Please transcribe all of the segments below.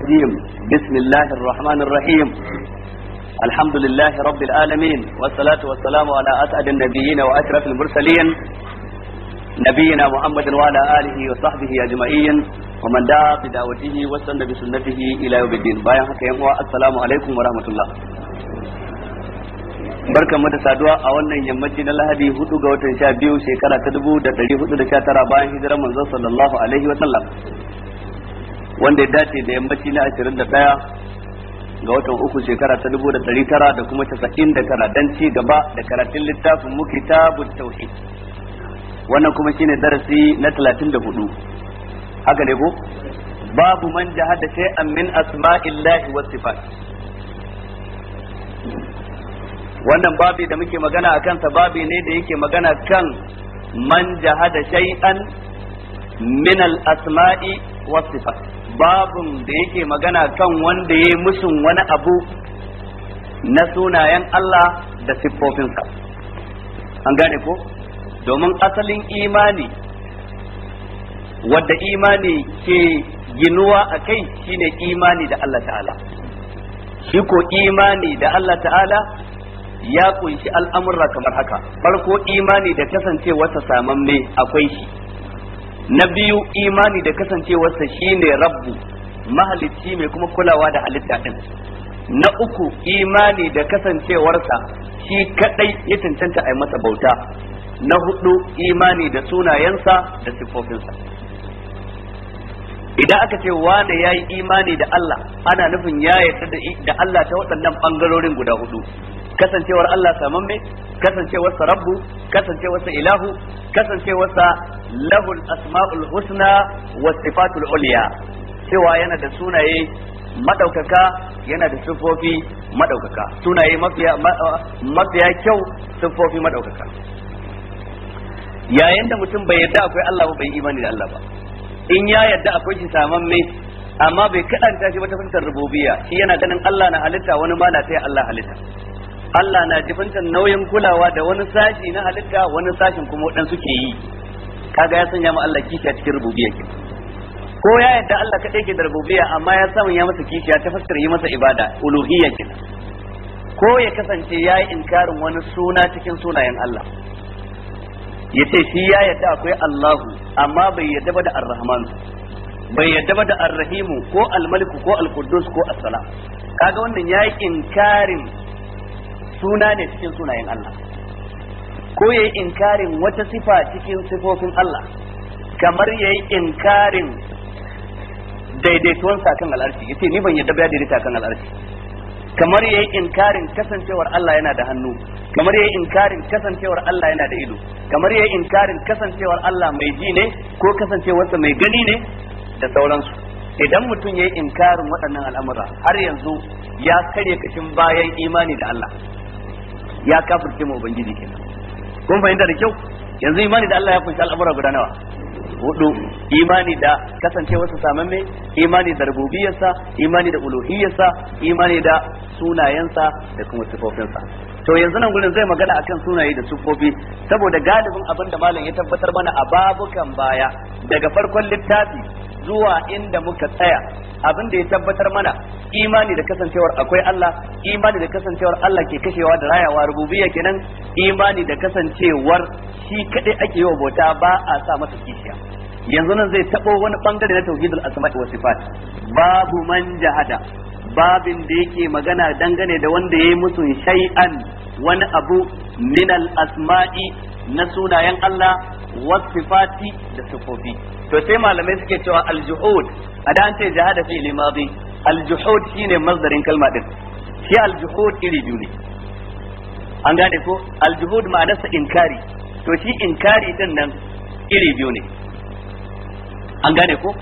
الرجيم بسم الله الرحمن الرحيم الحمد لله رب العالمين والصلاة والسلام على أسعد النبيين وأشرف المرسلين نبينا محمد وعلى آله وصحبه أجمعين ومن دعا بدعوته واستنى بسنته إلى يوم الدين بايا حكيم السلام عليكم ورحمة الله barkan mu da saduwa a wannan yammaci na lahadi hudu ga watan sha biyu shekara ta dubu da dari hudu da sha tara bayan hijirar manzon sallallahu alaihi wa sallam wanda ya dace da yammaci na ashirin da daya ga watan uku shekara ta dubu da dari tara da kuma tara don ci gaba da karatun littafin muke ta tauhid wannan kuma shine darasi na talatin da hudu. haka ne ko babu man jahada an min asma'illahi was sifat wannan babi da muke magana a kansa babi ne da yake magana kan man jahada shay'an min al-asma'i was sifat babun da yake magana kan wanda ya yi musun wani abu na sunayen Allah da siffofinsa an gane ko domin asalin imani wadda imani ke ginuwa a kai shine imani da Allah ta'ala shi ko imani da Allah ta'ala ya kunshi al'amurra kamar haka farko imani da kasancewarsa samamme akwai shi na biyu imani da kasancewarsa shine rabbu mahalicci mai kuma kulawa da halitta din na uku imani da kasancewarsa shi kadai ya cancanta a masa bauta na hudu imani da sunayensa da siffofinsa idan aka ce wane ya yi imani da Allah ana nufin ya yarda da Allah ta waɗannan ɓangarorin guda hudu kasancewar Allah saman mai kasancewar sa rabbu kasancewar sa ilahu kasancewar sa lahul asma'ul husna was sifatul ulya cewa yana da sunaye madaukaka yana da sifofi madaukaka sunaye mafiya uh, kyau sifofi madaukaka yayin da mutum bai yarda akwai Allah ba bai imani da Allah ba in ya yarda akwai shi saman mai amma bai kadanta shi wata fuskar rububiyya shi yana ganin Allah na halitta wani ma na sai Allah halitta Allah na jibantar nauyin kulawa da wani sashi na halitta wani sashin kuma waɗansu ke yi kaga ya sanya mu Allah kishiya cikin rububiyya ke ko ya yadda Allah kaɗai ke da rububiyya amma ya samu ya masa kishiya ta fuskar yi masa ibada uluhiyya ke ko ya kasance ya yi inkarin wani suna cikin sunayen Allah ya ce shi ya yadda akwai Allahu amma bai yadda ba da arrahman bai yadda ba da arrahimu ko almaliku ko al ko assalam kaga wannan ya yi inkarin suna ne cikin sunayen Allah ko yayi inkarin wata sifa cikin sifofin Allah kamar yayi inkarin daidaituwan sa kan ya yace ni ban yadda ba daidaita kan al'arshi kamar yayi inkarin kasancewar Allah yana da hannu kamar yayi inkarin kasancewar Allah yana da ido kamar yayi inkarin kasancewar Allah mai ji ne ko kasancewarsa mai gani ne da sauransu idan mutum yayi inkarin waɗannan al'amura har yanzu ya karya kashin bayan imani da Allah ya kafirce mu ubangiji kenan kun fahimta da kyau yanzu imani da Allah ya kunshi al'amura guda nawa hudu imani da kasancewarsa samamme imani da rububiyarsa imani da uluhiyarsa imani da sunayensa da kuma sifofinsa to yanzu nan gurin zai magana akan sunaye da sifofi saboda galibin abin da malam ya tabbatar mana a babukan baya daga farkon littafi zuwa inda muka tsaya abin da ya tabbatar mana imani da kasancewar akwai Allah imani da kasancewar Allah ke kashewa da rayawa rububiyya kenan imani da kasancewar shi kadai ake yi wa bauta ba a sa masa kishiya yanzu nan zai tabo wani bangare na tauhidul asma'i wa sifat babu man jahada babin da yake magana dangane da wanda ya yi musun shay'an wani abu min al-asma'i na sunayen Allah wasifati da sifofi to sai malamai suke cewa al-juhud a da an ce jahada fi limadi al-juhud shine masdarin kalma din shi al-juhud iri biyu ne an gane ko al-juhud ma'anarsa inkari to shi inkari din nan iri biyu ne an gane ko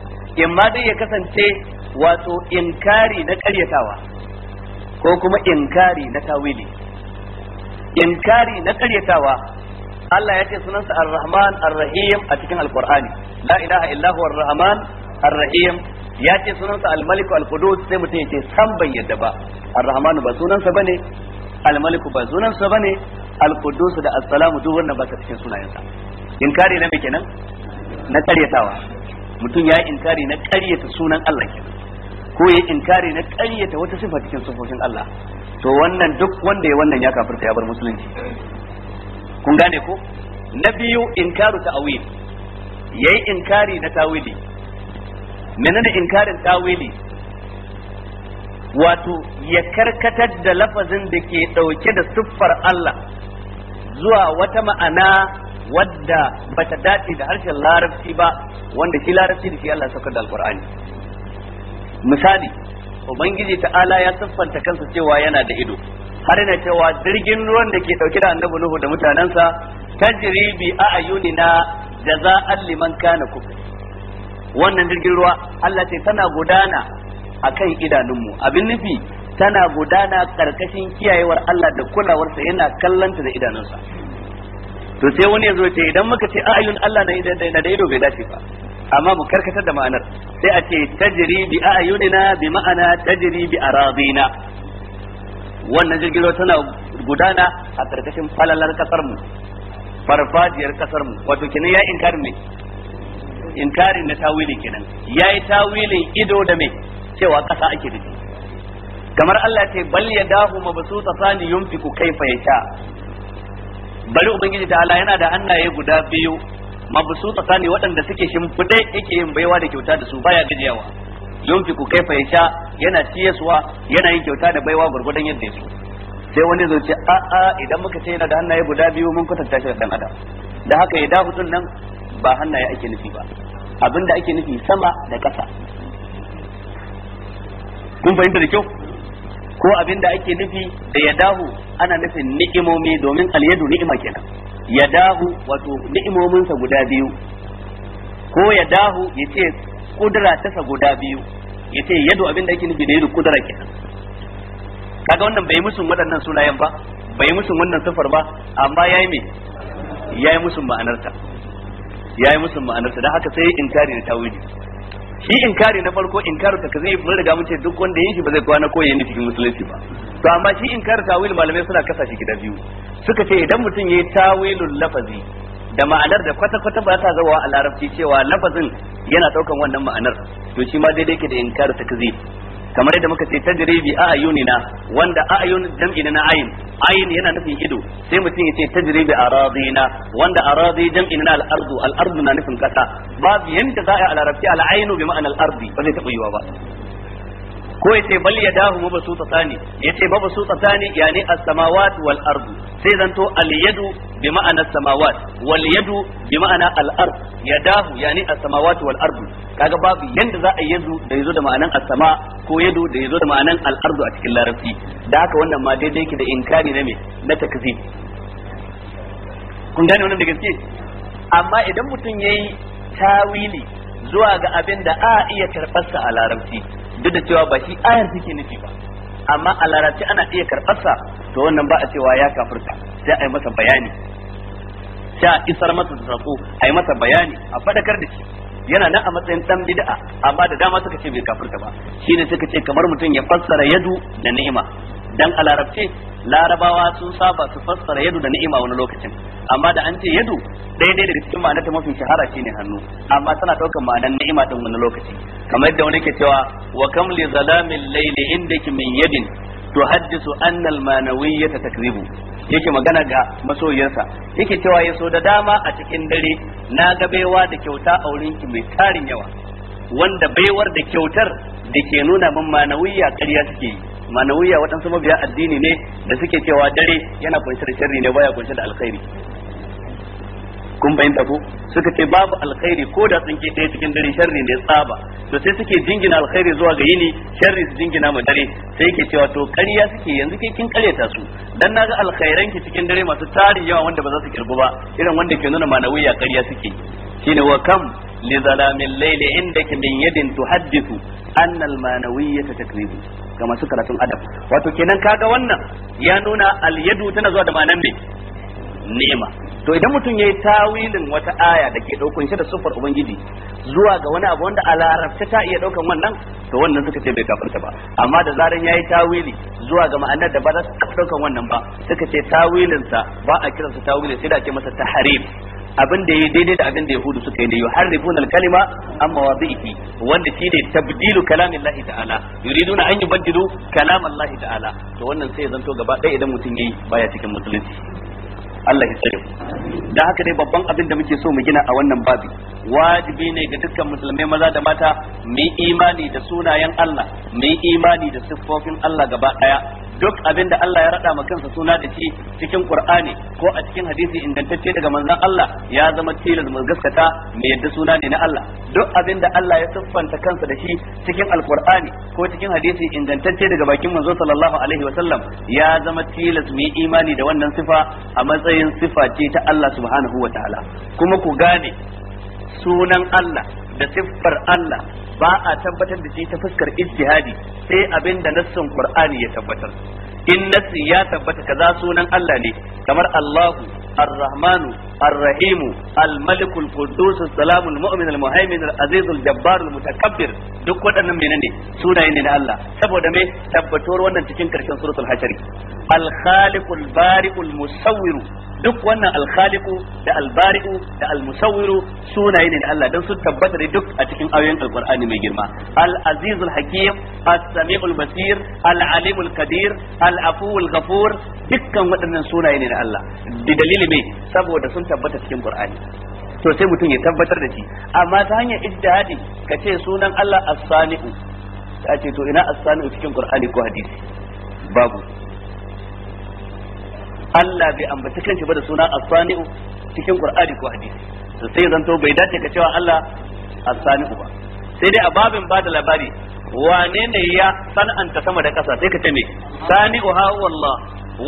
imma dai ya kasance wato inkari na karyatawa ko kuma inkari na tawili inkari na karyatawa Allah ya ce sunansa Ar-Rahman Ar-Rahim a cikin Al-Qur'ani la ilaha illa huwa Ar-Rahman Ar-Rahim ya ce sunansa Al-Malik Al-Qudus sai mutum yake san bai yadda ba Ar-Rahman ba sunansa bane Al-Malik ba sunansa bane Al-Qudus da As-Salamu duk wannan ba ta cikin sunayensa inkari na me kenan na karyatawa mutum ya inkari na karyata sunan Allah kenan ko ya inkari na ƙaryata wata sifa cikin sufofin Allah to wannan duk wanda ya wannan ya kafirta ya bar musulunci kun gane ko na biyu inkaru ta'wil yayi inkari na tawili menene inkarin tawili wato ya karkatar da lafazin da ke ɗauke da siffar Allah zuwa wata ma'ana wadda bata dace da harshen larabci ba wanda shi larabci da shi Allah saukar da alkur'ani misali ubangiji ta'ala ya siffanta kansa cewa yana da ido har yana cewa jirgin ruwan da ke dauke da annabi nuhu da mutanensa tajri bi ayunina jaza'an liman kana kufur wannan jirgin ruwa Allah ce tana gudana akan idanunmu abin nufi tana gudana karkashin kiyayewar Allah da kulawarsa yana kallanta da idanunsa to sai wani ya zo ce idan muka ce ayun Allah na da ido bai dace ba amma mu karkatar da ma'anar sai a ce tajri bi ayunina bi ma'ana tajri bi aradina wannan jirgin tana gudana a karkashin falalar kasar mu farfajiyar kasar mu wato kenan ya inkar me inkarin na tawili kenan yayi tawilin ido da me cewa kasa ake da kamar Allah ce bal yadahu mabsuta sani yunfiku kaifa yasha bari ubangiji ta'ala yana da hannaye guda biyu mabsuta ne waɗanda suke shimfiɗe yake yin baiwa da kyauta da su baya gajiyawa yunfiku kaifa yasha yana siyaswa yana yin kyauta da baiwa gurgurdan yadda ya so sai wani zo ce a a idan muka ce yana da hannaye guda biyu mun kwatanta shi da dan adam da haka ya da hudun nan ba hannaye ake nufi ba abinda ake nufi sama da ƙasa kun fahimta da kyau ko abinda ake nufi da ya dahu ana nufin ni'imomi domin alyadu ni'ima kenan ya dahu wato ni'imominsa guda biyu ko ya dahu ya ce kudura tasa guda biyu ya ce yadu abin da ake nufi da yadu kudura ke kaga wannan bai musun waɗannan sunayen ba bai musun wannan safar ba amma yayi me yayi musun ma'anarta yayi musun ma'anarta dan haka sai inkari da tawili shi inkari na farko inkari ta kaza mun riga mun ce duk wanda yin shi ba zai kwana ko yayin cikin musulunci ba to amma shi inkari tawil malamai suna kasa shi gida biyu suka ce idan mutum yayi tawilul lafazi da ma'anar da kwata-kwata ba ta zawa a larabci cewa lafazin yana daukan wannan ma'anar to shi ma daidai yake da inkar takzib kamar yadda muka ce tajribi a ayunina wanda a ayun jam'i na ayin ayin yana nufin ido sai mutum ya ce tajribi a radina wanda a radi jam'i na al-ardu al-ardu na nufin kasa babu yanda za a yi a larabci al-ainu bi ma'anar ardi ba zai taɓa yiwa ba ko ya yace bal yadahu mabsutatani yace ya yani as-samawat wal ardu sai zanto al yadu bi ma'ana samawat wal yadu bi ma'ana al ard yadahu yani as-samawat wal ardu kaga babu yanda za a yadu da yazo da ma'anan as-sama ko yadu da yazo da ma'anan al ardu a cikin larabci da haka wannan ma daidai yake da inkari na me na takzib kun gane wannan da gaske amma idan mutum yayi tawili zuwa ga abin da a iya karɓarsa a larabci duk da cewa ba shi ayar take nufi ba amma a larabci ana iya karɓarsa to wannan ba a cewa ya kafirta sai a yi masa bayani sai a isar masa da sako a yi masa bayani a faɗakar da shi yana nan a matsayin dan bid'a amma da dama suka ce bai kafirta ba shine suka ce kamar mutum ya fassara yadu da ni'ima dan a larabce larabawa sun saba su fassara yadu da ni'ima wani lokacin amma da an ce yadu daidai daga cikin ma'anar ta mafi shahara shine hannu amma tana daukar ma'anar ni'ima din wani lokaci kamar yadda wani ke cewa wa kam li zalamin layli indaki min yadin tuhaddisu anna al-manawiyyata takribu yake magana ga masoyinsa yake cewa so da dama a cikin dare na ga baiwa da kyauta a wurinki mai tarin yawa wanda baiwar da kyautar da ke nuna min manawiyya ƙarya suke yi manawiya waɗansu mabiya addini ne da suke cewa dare yana kunshe da sharri ne baya kunshe da alkhairi kun bayyanta ko suka ce babu alkhairi ko da tsinke ɗaya cikin dare sharri ne tsaba to sai suke jingina alkhairi zuwa ga yini sharri su jingina ma dare sai yake cewa to ƙarya suke yanzu ke kin ƙaryata su dan naga alkhairan ki cikin dare masu tarin yawa wanda ba za su kirgu ba irin wanda ke nuna manawiya ƙarya suke shine wa kam li zalamin layli indaka min yadin tuhaddithu anna al-manawiyyata takribu ga masu karatun adab wato kenan kaga wannan ya nuna alyadu tana zuwa da ma'anan me ni'ima to idan mutum yayi tawilin wata aya da ke daukun shi da sufar ubangiji zuwa ga wani abu wanda a larabta ta iya daukan wannan to wannan suka ce bai kafirta ba amma da zaran yayi tawili zuwa ga ma'anar da ba za su daukan wannan ba suka ce tawilin sa ba a kiransa tawili sai da ake masa tahrim abin da yayi daidai da abin da yahudu suka yi da yuharrifuna al-kalima amma mawadihi wanda shi ne tabdilu kalamillahi ta'ala yuriduna an yubaddilu kalamallahi ta'ala to wannan sai ya zanto gaba ɗaya idan mutum yayi baya cikin musulunci Allah ya tsare da haka dai babban abin da muke so mu gina a wannan babi wajibi ne ga dukkan musulmai maza da mata mu imani da sunayen Allah mu imani da siffofin Allah gaba ɗaya duk abin da Allah ya rada ma kansa suna da shi cikin Qur'ani ko a cikin hadisi ingantacce daga manzon Allah ya zama tilas mu gaskata me yadda suna ne na Allah duk abin da Allah ya siffanta kansa da shi cikin Al-Qur'ani ko cikin hadisi ingantacce daga bakin manzo sallallahu alaihi wa sallam ya zama tilas mu imani da wannan sifa a matsayin sifa ce ta Allah subhanahu wa ta'ala kuma ku gane sunan Allah da siffar Allah ba a tabbatar da shi ta fuskar ijtihadi sai abin da nassin Qur'ani ya tabbatar in nassi ya tabbata kaza sunan Allah ne kamar Allahu الرحمن الرحيم الملك القدوس السلام المؤمن المهيمن العزيز الجبار المتكبر duk waɗannan menene sunaye ne na Allah saboda me tabbatar wannan cikin karshen suratul hashari al khaliqul bari'ul musawwir duk wannan alkhaliku da albari'u da almusawwiru sunaye ne da Allah dan su tabbatar da duk a cikin ayoyin alqur'ani mai girma al-azizul hakim as-sami'ul basir al-alimul kadir, al-afuwul ghafur dukkan waɗannan sunaye ne da Allah da dalili mai saboda sun tabbata cikin qur'ani to sai mutum ya tabbatar da shi amma ta hanyar ijtihadi ka ce sunan Allah as-sami'u ta ce to ina as saniu cikin qur'ani ko hadisi babu Allah bai ambaci kanshi ba da suna as-sani'u cikin Qur'ani ko hadisi to sai zanto bai dace ka cewa Allah as-sani'u ba sai dai a babin ba da labari wane ne ya san'anta sama da ƙasa sai ka ce me sani'u ha wallah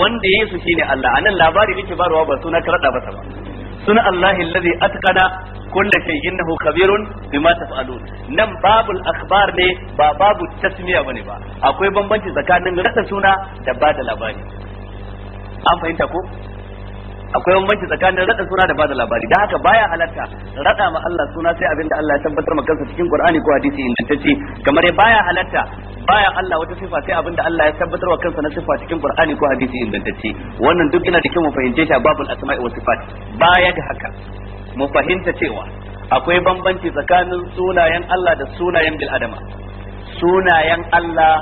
wanda yesu shine Allah anan labari nake barwa ba suna karada ba ba suna Allahi allazi atqana kulla shay'in innahu khabirun bima taf'alun nan babul akhbar ne ba babu tasmiya bane ba akwai bambanci tsakanin rada suna da ba da labari an fahimta ko akwai bambanci tsakanin rada suna da bada labari da haka baya halatta rada ma Allah suna sai abinda Allah ya tabbatar ma kansa cikin Qur'ani ko hadisi ingantacce kamar ya baya halatta baya Allah wata sifa sai abinda Allah ya tabbatar wa kansa na sifa cikin Qur'ani ko hadisi ingantacce wannan duk yana da kyau mu fahimce shi a babul asma'i was sifat baya da haka mu fahimta cewa akwai bambanci tsakanin sunayen Allah da sunayen bil adama sunayen Allah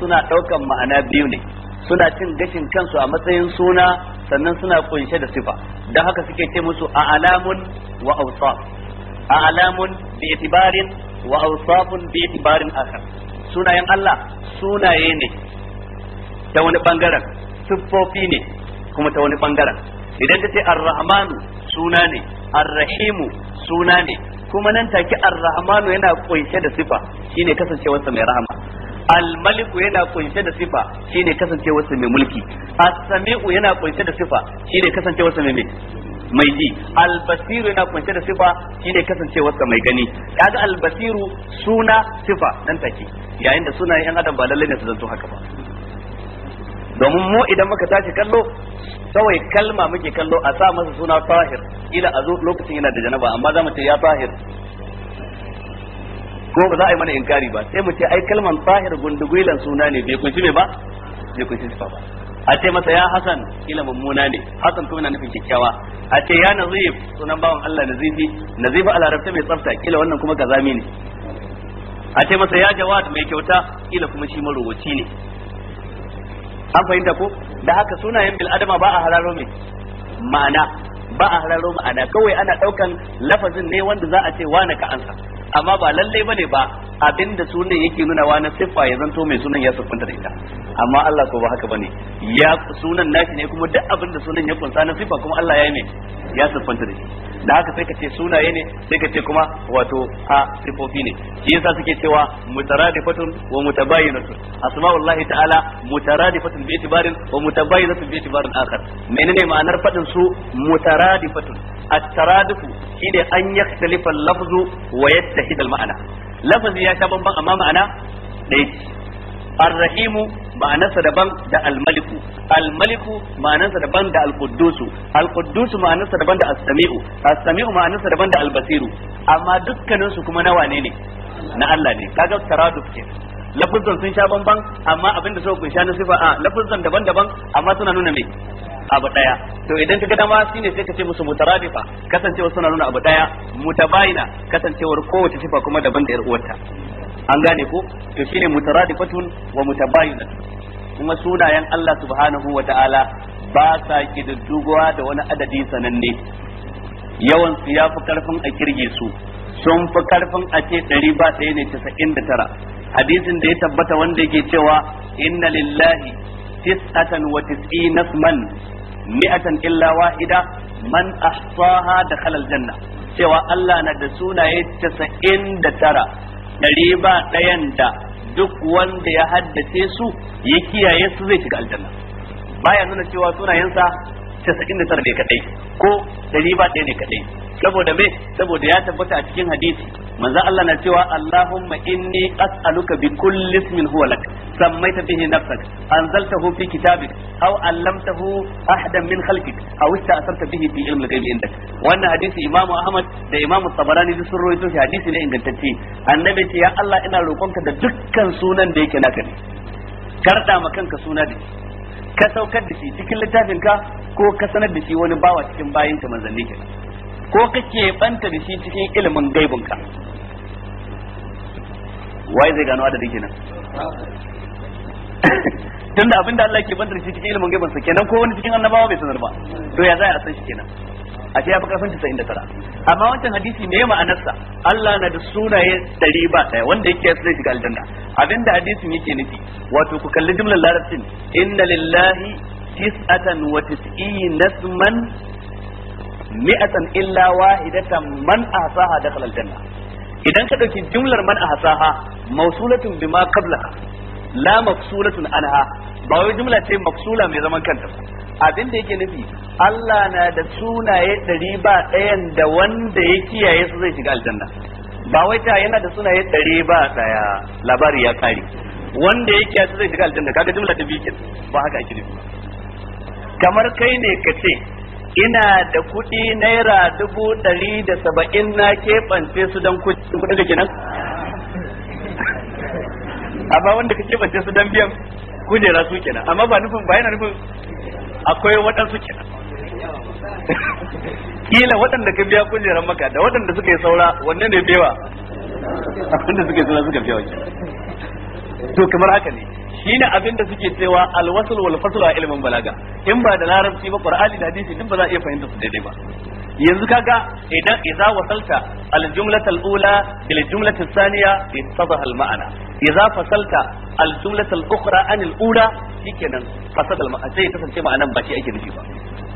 suna daukan ma'ana biyu ne suna cin gashin kansu a matsayin suna sannan suna kunshe da sifa don haka suke ce musu a alamun wa awsaf a alamun bi itibarin wa awsafun bi itibarin akhar sunayen Allah sunaye ne ta wani bangaren siffofi ne kuma ta wani bangaren idan ka ce ar-rahmanu suna ne ar-rahimu suna ne kuma nan take ar-rahmanu yana kunshe da sifa shine kasancewarsa mai rahama almaliku yana kunshe da sifa shine wasu mai mulki as-sami'u yana kunshe da sifa shine wasu mai mai ji basiru yana kunshe da sifa shine wasu mai gani kaga basiru suna sifa nan take yayin da sunayen yan adam ba lalle ne su zanto haka ba domin mu idan muka tashi kallo kawai kalma muke kallo a sa masa suna tahir ila a lokacin yana da janaba amma zamu mu ce ya tahir ko ba za a yi mana inkari ba sai mu ce ai kalman tahir gundugulan suna ne bai kunshi ne ba bai kunshi sifa ba a ce masa ya hasan kila mummuna ne hasan kuma na nufin kyakkyawa a ce ya nazif sunan bawan Allah nazifi nazifa a larabta mai tsafta kila wannan kuma kazami ne a ce masa ya jawad mai kyauta kila kuma shi marubuci ne an fahimta ko da haka sunayen bil adama ba a hararo mai ma'ana ba a hararo ma'ana kawai ana daukan lafazin ne wanda za a ce wane ka ansa amma ba lallai bane ba abinda sunan yake nuna wa na siffa ya zanto mai sunan ya siffanta da ita amma Allah ko ba haka bane ya sunan nashi ne kuma duk abinda sunan ya kunsa na siffa kuma Allah ya yi ne ya siffanta da shi da haka sai ka ce sunaye ne sai ka ce kuma wato a sifofi ne shi yasa suke cewa mutaradifatun wa mutabayyinatun asma'ullahi ta'ala mutaradifatun bi itibarin wa mutabayyinatun bi itibarin akhar menene ma'anar fadin su mutaradifatun at-taradufu shine an yaktalifa al-lafzu wa yattahid al-ma'ana lafzi ya sha bamban amma ma'ana ɗaya ce ar-rahimu ma'anarsa daban da al-maliku al-maliku ma'anarsa daban da al-quddusu al-quddusu ma'anarsa daban da as-sami'u ma'anarsa daban da al-basiru amma dukkaninsu kuma nawa ne ne na Allah ne kaga taraduf kenan lafuzan sun sha bamban amma abin da suka kunsha na sifa a lafuzan daban-daban amma suna nuna me abu daya to idan ka ga dama shine sai ka ce musu mutaradifa kasancewar suna nuna abu daya mutabaina kasancewar kowace sifa kuma daban da yar uwarta an gane ko to shine mutaradifatun wa mutabaina kuma sunayen Allah subhanahu wa ta'ala ba sa kididdugowa da wani adadi sananne yawan su ya fi karfin a kirge su sun fi karfin a ce ɗari ba ɗaya ne casa'in da tara hadisin da ya tabbata wanda yake cewa inna lillahi tis'atan wa tis'ina man mi'atan illa wahida man ahsaha dakhala aljanna cewa Allah na da sunaye 99 dari ba dayan da duk wanda ya haddace su ya kiyaye su zai shiga aljanna baya nuna cewa sunayensa casa'in da tara ne kadai ko dari ba ɗaya ne kadai saboda me saboda ya tabbata a cikin hadisi manzo Allah na cewa Allahumma inni as'aluka bi kulli ismin huwa lak sammaita bihi nafsak anzaltahu fi kitabik aw allamtahu ahadan min khalqik aw ista'sarta bihi fi ilmi al-ghaibi indak wannan hadisi Imam Ahmad da Imam Tabarani duk sun rawaito shi hadisi ne ingantacce annabi ce ya Allah ina roƙonka da dukkan sunan da yake naka ne karda ma kanka suna da ka saukar da shi cikin littafin ka ko ka sanar da shi wani bawa cikin bayin ka manzanni kenan ko ka keɓanta da shi cikin ilimin gaibin ka waye zai gano adadin kenan tunda abinda Allah ke da shi cikin ilimin gaibin sa kenan ko wani cikin annabawa bai sanar ba to ya za a san shi kenan a ce ya fi karfin tara, amma wancan hadisi ne ma'anarsa Allah na da sunaye ɗari ba ɗaya wanda yake zai shiga aljanna abinda hadisin yake nufi wato ku kalli jumlar larabcin inna lillahi tis'atan wa tis'ina isman mi'atan illa wahidatan man ahsaha dakhala aljanna idan ka ɗauki jumlar man ahsaha mawsulatun bima qablaha la mafsulatun anha ba wai jumla ce mafsula mai zaman kanta abin da yake nufi Allah na da sunaye ɗari ba ɗayan da wanda ya kiyaye su zai shiga aljanna ba wai ta yana da sunaye ɗari ba ɗaya labari ya kare wanda ya kiyaye su zai shiga aljanna kaga jumla ta biyu ba haka ake nufi kamar kai ne ka ce ina da kuɗi naira dubu ɗari da saba'in na keɓance su don kuɗi da kenan amma wanda ka keɓance su don biyan kujera su kenan amma ba nufin ba yana nufin akwai waɗansu kenan kila waɗanda ka biya kujerar maka da waɗanda suka yi saura wanne ne bewa abinda suka yi saura suka biya wakil to kamar haka ne shi ne abinda suke cewa alwasul wal a ilimin balaga in ba da larabci ba qur'ani da hadisi din ba za a iya fahimta su daidai ba yanzu kaga idan idza wasalta al jumlata al ula ila jumlata al thaniya ittadha al ma'ana idza fasalta al jumlata al ukhra an al ula shikenan fasad al ma'ana sai kasance ma'anan baki ake nufi ba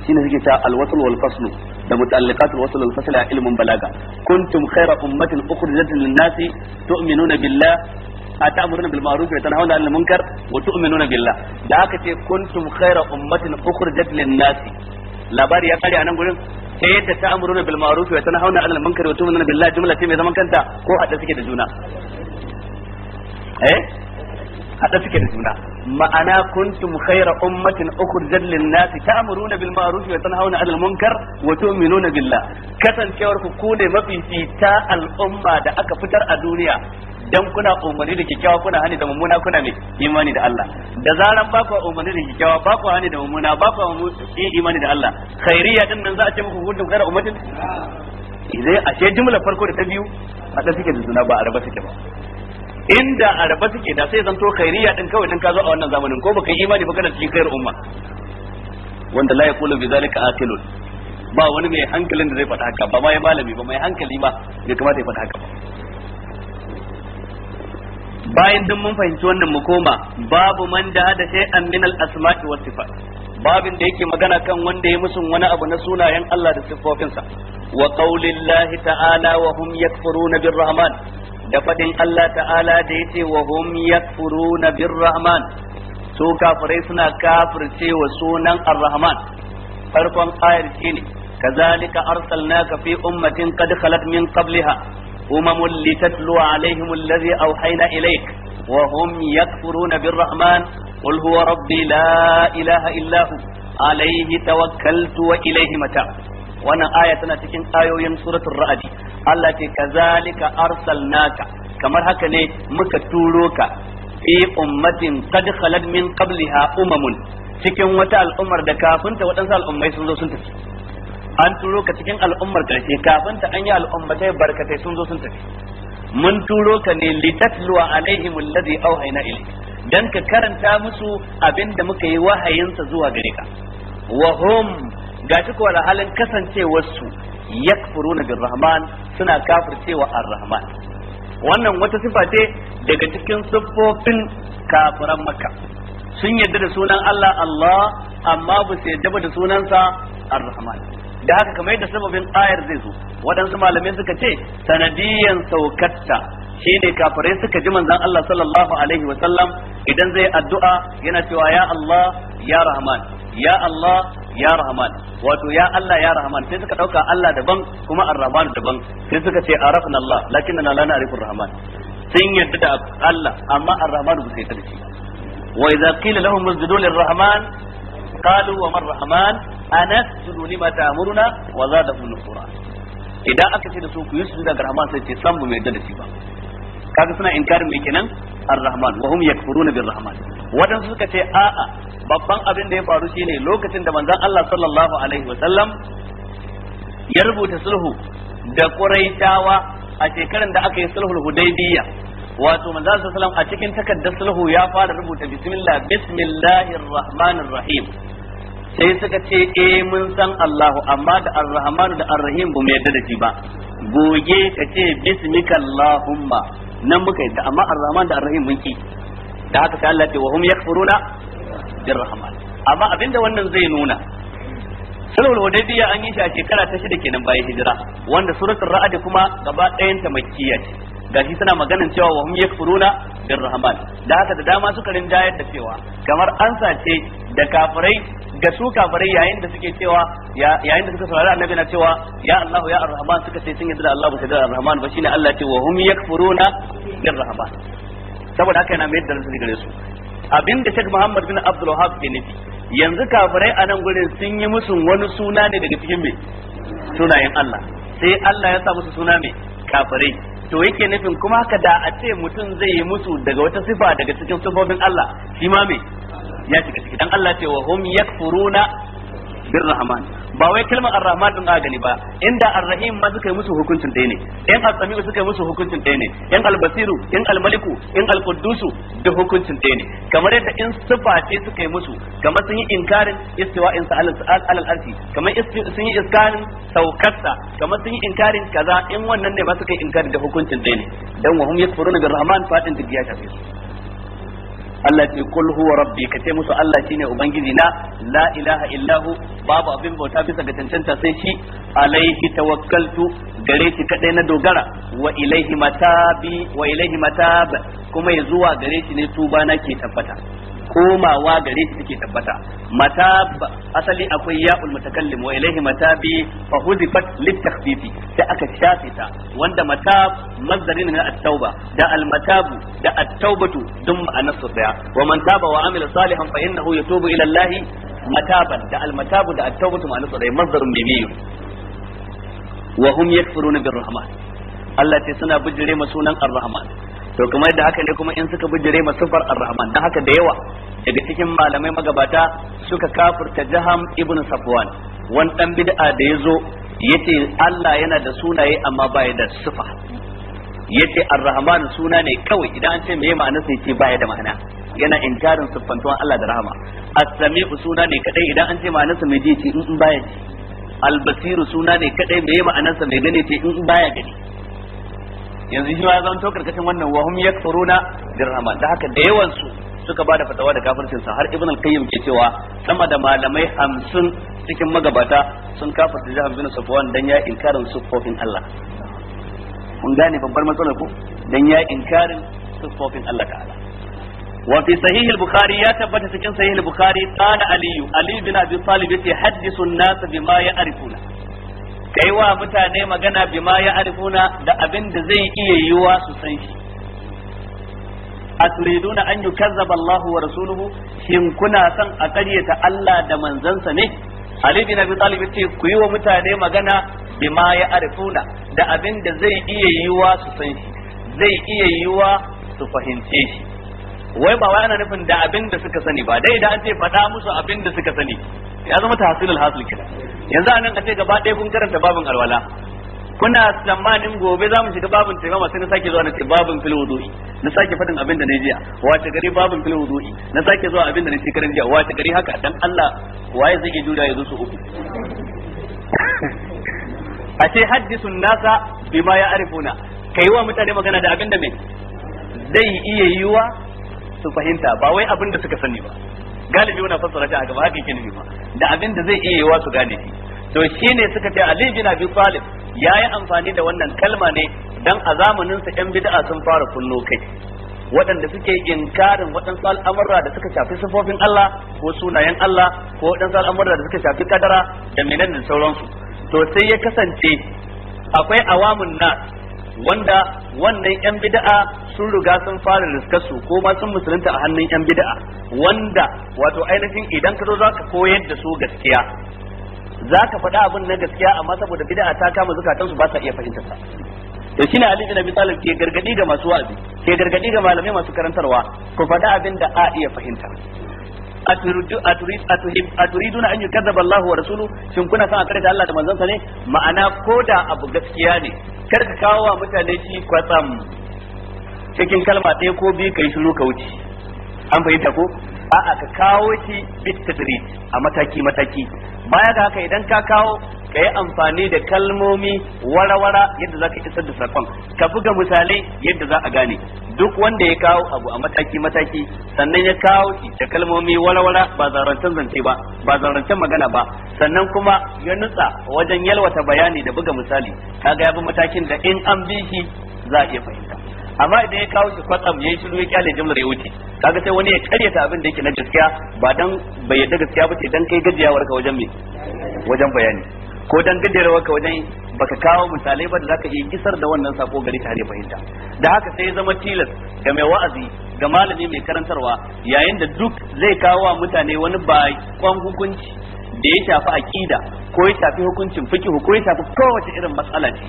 shine suke ta al wasl wal fasl da mutallaqat al wasl wal fasl a ilmin balaga kuntum khayra ummatin ukhrijat lin nasi tu'minuna billah أتأمرون بالمعروف وتنهون عن المنكر وتؤمنون بالله ده كتير كنتم خير أمة أخرجت للناس labari ya kare a nan gurin ta yadda ta amuruna bil ma'ruf wa wa jumla ce mai zaman kanta ko hada suke da juna eh hada suke da juna ma'ana kuntum khayra ummatin ukhrijat lin ta'muruna bil ma'ruf wa tanhauna 'anil munkar wa tu'minuna billah kasancewar ku mafifita al'umma da aka fitar a duniya dan kuna umarni da kikkiawa kuna hani da mummuna kuna ne imani da Allah da zaran ba ku umarni da kikkiawa ba ku hani da mummuna ba ku imani da Allah khairiyya din nan za a ce muku gudun gara ummatin idan a ce jumla farko da ta biyu a da suke da juna ba a suke ba inda a suke da sai zanto khairiyya din kawai din ka zo a wannan zamanin ko baka imani ba kana cikin khair umma wanda la yaqulu bi zalika aqilun ba wani mai hankalin da zai fada haka ba ma ya malami ba mai hankali ba bai kamata ya fada haka ba bayan duk mun fahimci wannan mu koma babu man da hada an min al-asma'i was sifat babin da yake magana kan wanda ya musun wani abu na sunayen Allah da siffofinsa wa qaulillahi ta'ala wa hum yakfuruna birrahman da fadin Allah ta'ala da yace wa hum yakfuruna birrahman su kafirai suna cewa sunan ar-rahman farkon ayar shine kazalika arsalnaka fi ummatin qad khalat min قبلها أمم لتتلو عليهم الذي أوحينا إليك وهم يكفرون بالرحمن قل هو ربي لا إله إلا هو عليه توكلت وإليه متاع wannan aya tana cikin ayoyin suratul ra'adi, Allah ce kazalika arsalnaka kamar haka ne muka turo ka fi ummatin qad khalat min qabliha umamun cikin wata al'ummar da kafinta waɗansu al'ummai sun zo sun tafi an turo ka cikin al'ummar karshe kafin ta an yi al'ummatai barkatai sun zo sun tafi mun turo ka ne litatluwa alaihim alladhi auhayna ilayk dan ka karanta musu abinda muka yi wahayinsa zuwa gare ka wa hum ga shi wala halin kasancewar su yakfuruna birrahman suna kafircewa ar-rahman wannan wata sifa ce daga cikin siffofin kafiran makka sun yadda da sunan Allah Allah amma ba su yadda da sunansa ar-rahman da haka kamar yadda sababin ayar zai zo waɗansu malamai suka ce sanadiyan saukatta shine kafirai suka ji manzon Allah sallallahu alaihi wa sallam idan zai addu'a yana cewa ya Allah ya Rahman ya Allah ya Rahman wato ya Allah ya Rahman sai suka dauka Allah daban kuma Ar-Rahman daban sai suka ce arafna Allah lakinna la na'rifu Ar-Rahman sun yadda da Allah amma Ar-Rahman ba sai ta da shi wa idza qila lahum isjudu lir-Rahman qalu wa man rahman anasjudu lima ta'muruna wa idan aka ce da su ku yi sujuda ga rahman sai ce san mu mai da ba kaga suna rahman wa hum wadansu ce a'a babban abin da ya faru shine lokacin da manzon Allah sallallahu alaihi Wasallam ya rubuta sulhu da Quraishawa a shekaran da aka yi sulhul Hudaybiyya wato manzo sallallahu alaihi wasallam a cikin takardar sulhu ya fara rubuta bismillah bismillahir rahmanir rahim sai suka ce eh mun san Allahu amma da ar da arrahim rahim bu mai yadda da shi ba goge ka ce bismika allahumma nan muka yadda amma arrahman rahman da arrahim rahim mun ki da haka sai Allah ya ce wa hum yakfuruna bir-rahman amma abinda wannan zai nuna sulhul hudaybiya an yi shi a shekara ta 6 kenan bayan hijira wanda suratul ra'd kuma gaba ɗayan ta makkiyya ce gashi suna maganan cewa wa hum yakfuruna rahman da haka da dama suka rinjayar da cewa kamar an sace da kafirai ga su kafirai yayin da suke cewa yayin da suka saurari annabi na cewa ya Allah ya arrahman suka ce sun yi da Allah ba a da arrahman ba shine Allah ce wa hum yakfuruna rahman saboda haka yana mai da rasu gare su abinda Sheikh Muhammad bin Abdul Wahhab ke nufi yanzu kafirai a nan gurin sun yi musu wani suna ne daga cikin me sunayen Allah sai Allah ya sa musu suna me kafirai to yake nufin kuma haka da a ce mutum zai yi musu daga wata sifa daga cikin sifofin Allah shi ma me ya shiga ciki dan Allah ce wa hum yakfuruna birrahman ba wai kalmar ar-rahman din aka gani ba inda ar-rahim ma suka yi musu hukuncin ɗaya ne in as-sami'u suka yi musu hukuncin ɗaya ne in al-basiru in al-maliku in al da hukuncin ɗaya ne kamar yadda in sifa ce suka yi musu kamar sun yi inkarin in sa'al alal arshi kamar sun yi inkarin saukarsa kamar sun yi inkarin kaza in wannan ne ba suka yi inkarin da hukuncin ɗaya ne dan wa hum yakfuruna bir-rahman fadin da ya shafe Allah ce kul huwa rabbi ka ce musu Allah shine ubangiji na la ilaha illahu babu abin bauta bisa ga cancanta sai shi alaihi tawakkaltu gare shi kadai na dogara wa ilaihi matabi wa ilaihi matab kuma ya zuwa gare shi ne tuba na ke tabbata komawa gare shi suke tabbata mata asali akwai ya'ul mutakallim wa ilaihi matabi bi fa hudifat litakfifi sai aka shafe ta wanda mata mazdarin na at-tauba da al-matabu da at-taubatu dum ma'anar su daya wa man taba wa amila salihan fa innahu yatubu ila Allah mataban da al-matabu da at-taubatu ma'anar su daya mazdarun bibiyu wa hum yakfuruna bir-rahman Allah ce suna bijire ma sunan ar-rahman to kuma yadda haka ne kuma in suka bujire masufar ar-rahman dan haka da yawa daga cikin malamai magabata suka kafurta jaham ibn safwan wani dan bid'a da yazo yace Allah yana da sunaye amma baya da sifa yace ar-rahman suna ne kawai idan an ce meye ma'anar sai ce baya da ma'ana yana inkarin siffantuwan Allah da rahama as-sami'u suna ne kadai idan an ce ma'anarsa mai ji ce in mm, mm, baya ji al-basiru suna ne kadai meye ma'anarsa mai gane ce in mm, baya gani yanzu shi ma ya zanto karkashin wannan wa hum yakfuruna birrahman da haka da yawan su suka bada fatawa da kafircin sa har ibn al-qayyim ke cewa sama da malamai 50 cikin magabata sun kafirta jihar bin safwan dan ya inkarin sufofin Allah mun gane babbar matsalar ku dan ya inkarin sufofin Allah ta'ala وفي صحيح البخاري يا تبت سكن صحيح البخاري قال علي علي بن ابي طالب يتحدث الناس بما يعرفونه kai wa mutane magana bima ya arifuna da abin da zai iya yiwa su san shi aturiduna an yukazzaba Allah wa rasuluhu shin kuna son a karyata Allah da manzansa ne Ali bin Abi Talib ce ku yi wa mutane magana bima ya arifuna da abin da zai iya yiwa su san shi zai iya yiwa su fahimce shi wai ba wai ana nufin da abin da suka sani ba dai da an ce faɗa musu abin da suka sani ya zama hasilul hasil kira yanzu anan a ce gaba ɗaya kun karanta babin alwala kuna tsammanin gobe za mu shiga babin taimama sai na sake zuwa na ce babin fil wudu'i na sake fadin abin da na jiya wace gari babin fil wudu'i na sake zuwa abin da na ce karin jiya wace gari haka dan Allah waye zai iya jura yanzu su uku a ce haddisun nasa bima ya arifuna kai wa mutane magana da abin da mai dai iya yiwa su fahimta ba wai abin da suka sani ba galibi wannan fassara ta gaba haka yake nufi ba da abin da zai iya wa su gane shi to shine suka ce Ali bin Abi Talib yayi amfani da wannan kalma ne dan a zamanin sa yan bid'a sun fara kunno kai waɗanda suke inkarin waɗansu al'amurra da suka shafi sifofin Allah ko sunayen Allah ko waɗansu al'amurra da suka shafi kadara da menene sauransu to sai ya kasance akwai awamun nas wanda wannan yan bida'a sun riga sun fara riskar ko ma sun musulunta a hannun yan bida'a? wanda wato ainihin idan ka zo za ka koyar da su gaskiya za ka faɗa abin na gaskiya amma saboda bida'a ta kama zukatansu ba sa iya fahimtar sa to shine Ali bin Abi Talib ke gargadi ga masu wa'azi ke gargadi ga malamai masu karantarwa ku faɗa abin da a iya fahimta aturiduna an yukazzaba Allahu wa rasulu shin kuna son a da Allah da sa ne ma'ana koda abu gaskiya ne kar ka kawo wa mutane shi kwatsam cikin kalma ɗaya ko biyu kai shiru ka wuce an fahimta ko a'a ka kawo shi bit tadrid a mataki mataki baya ga haka idan ka kawo ka yi amfani da kalmomi wara-wara yadda za ka isar da sakon ka buga misalai yadda za a gane duk wanda ya kawo abu a mataki-mataki sannan ya kawo shi da kalmomi wara-wara ba zarantan zance ba ba zarantan magana ba sannan kuma ya nutsa wajen yalwata bayani da buga misali kaga ya bi matakin da in an bi shi za a iya fahimta amma idan ya kawo shi kwatsam ya yi shiru ya kyale jimlar ya wuce kaga sai wani ya karyata abin da yake na gaskiya ba dan bai yadda gaskiya ba ce dan kai gajiyawar ka wajen me wajen bayani ko dan gajerawar ka wajen baka kawo misalai ba da zaka iya kisar da wannan sako gari tare fahimta da haka sai zama tilas ga mai wa'azi ga malami mai karantarwa yayin da duk zai kawo wa mutane wani bakon hukunci da ya shafi aƙida ko ya shafi hukuncin fiqh ko ya shafi kowace irin matsala ce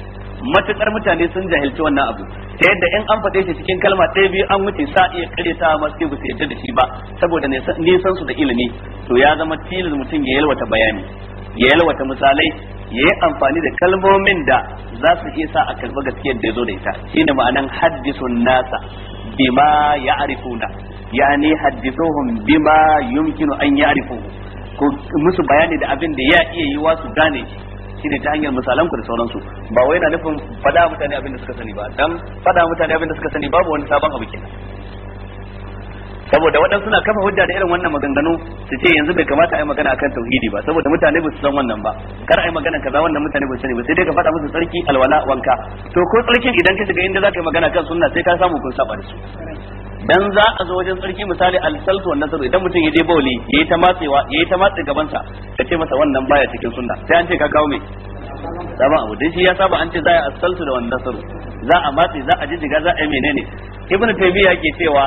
matukar mutane sun jahilci wannan abu ta yadda in an faɗe shi cikin kalma ɗaya biyu an wuce sa iya kare ta ma sai yadda da shi ba saboda nisan su da ilimi to ya zama tilas mutum ya yalwata bayani ya yalwata misalai ya yi amfani da kalmomin da za su iya sa a karɓi gaskiyar da ya zo da ita shine ma'anan haddisun nasa bima ya arifuna ne haddisohun bima yumkinu an ya arifu ko musu bayani da abin da ya iya wa su gane shine ta hanyar misalan ku da sauransu ba wai na nufin fada mutane abin da suka sani ba dan fada mutane abin da suka sani babu wani sabon abu kenan saboda waɗansu na kafa hujja da irin wannan maganganu su ce yanzu bai kamata a yi magana akan tauhidi ba saboda mutane ba su san wannan ba kar a yi magana kaza wannan mutane ba su sani ba sai dai ka faɗa musu tsarki alwala wanka to ko tsarkin idan ka shiga inda za ka yi magana kan sunna sai ka samu kun saba da su dan za a zo wajen tsarki misali al salt wan nasaru idan mutum ya je bauli yayi ta matsewa yayi ta matse gaban sa ka ce masa wannan baya cikin sunna sai an ce ka kawo me saba abu dai shi ya saba an ce za a yi da wannan nasaru za a matse za a jijiga za a yi menene ibnu taymiya yake cewa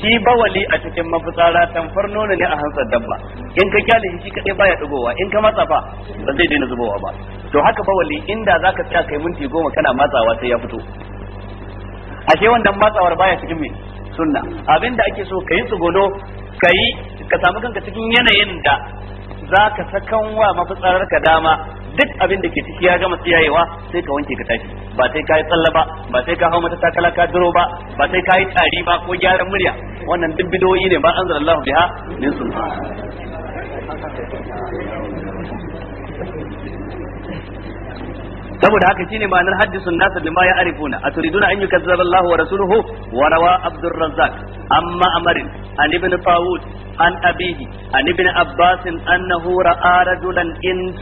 shi bawali a cikin mafitsara tamfar nono ne a hansar dabba in ka kyale shi kadai baya dugowa in ka matsa fa ba zai daina zubowa ba to haka bawali inda zaka tsaya kai minti goma kana matsawa sai ya fito ashe wannan matsawar baya cikin me sunna abinda ake so kayi tsugono kayi ka samu kanka cikin yanayin da za ka sakan wa mafitsarar ka dama duk abin da ke ciki ya gama tsiyayewa sai ka wanke ka tashi ba sai ka yi tsalla ba ba sai ka hau mata takala ka duro ba ba sai ka yi tari ba ko gyaran murya wannan duk bidoyi ne ba an Allah biha min sunna saboda haka shine ma'anar haddisun nasa bima ya arifuna aturiduna an yukazzaba Allah wa rasuluhu wa rawa Abdul Razzaq amma amarin an ibn Tawud an abihi an ibn Abbas annahu ra'a rajulan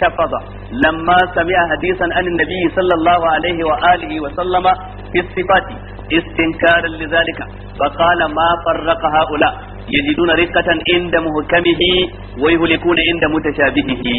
tafaza, lamma sami'a hadisan an nabi sallallahu alaihi wa alihi wa sallama fi sifati istinkaran lidhalika ma farraqa haula yajiduna rikatan inda muhkamihi wa yuhlikuna inda mutashabihihi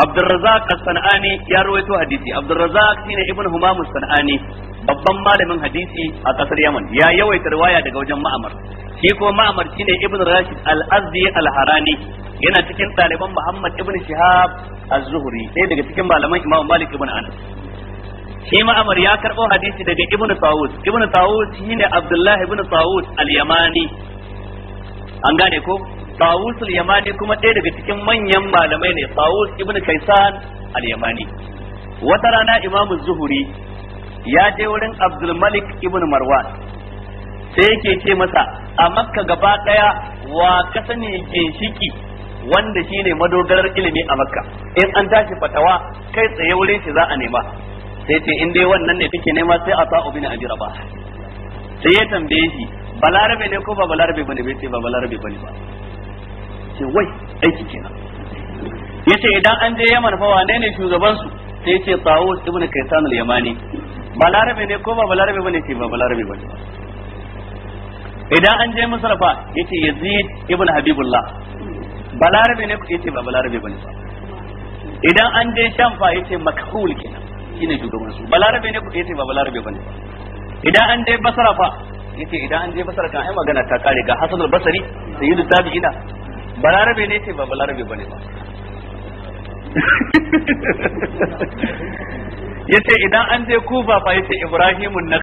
عبد الرزاق الصنعاني ya rawaito hadisi عبد الرزاق Ibn ابن همام الصنعاني babban malamin hadisi a kasar Yaman ya yawaita riwaya daga wajen Ma'mar shi kuma Ma'mar shine Ibn Rashid al-Azdi al-Harani yana cikin ɗaliban Muhammad Ibn Shihab az-Zuhri ɗaya daga cikin malaman Imam Malik Ibn Anas shi Ma'mar ya karɓo hadisi daga Ibn Tawus Ibn Tawus shine Abdullahi Ibn Tawus al-Yamani an gane ko طاووس اليماني kuma ɗaya daga cikin manyan malamai ne طاووس ابن كيسان wata rana إمام Zuhri ya je wurin Abdulmalik ibn Marwan sai yake ce masa a Makka gaba daya wa kasa ne ginshiki wanda shine madogarar ilimi a Makka in an tashi fatawa kai tsaye wurin shi za a nema sai ce in dai wannan ne kake nema sai a sa'u bin Abi Rabah sai ya tambaye shi balarabe ne ko ba balarabe bane bai ce ba balarabe bane ba ce wai aiki kenan yace idan an je Yaman fa wane ne shugaban su sai yace Tawus ibn kaitan al-Yamani balarabe ne ko ba balarabe bane ce ba balarabe bane idan an je Misra fa yace Yazid ibn Habibullah balarabe ne ko yace ba balarabe bane idan an je Sham fa yace makhul kenan shine shugaban su balarabe ne ko yace ba balarabe bane idan an je Basra fa yace idan an je Basra kan ai magana ta kare ga Hasan al-Basri sayyidu tabi'ina balarabe ne ce ba balarabe bane ba yace idan an je kufa fa yace ibrahimun ya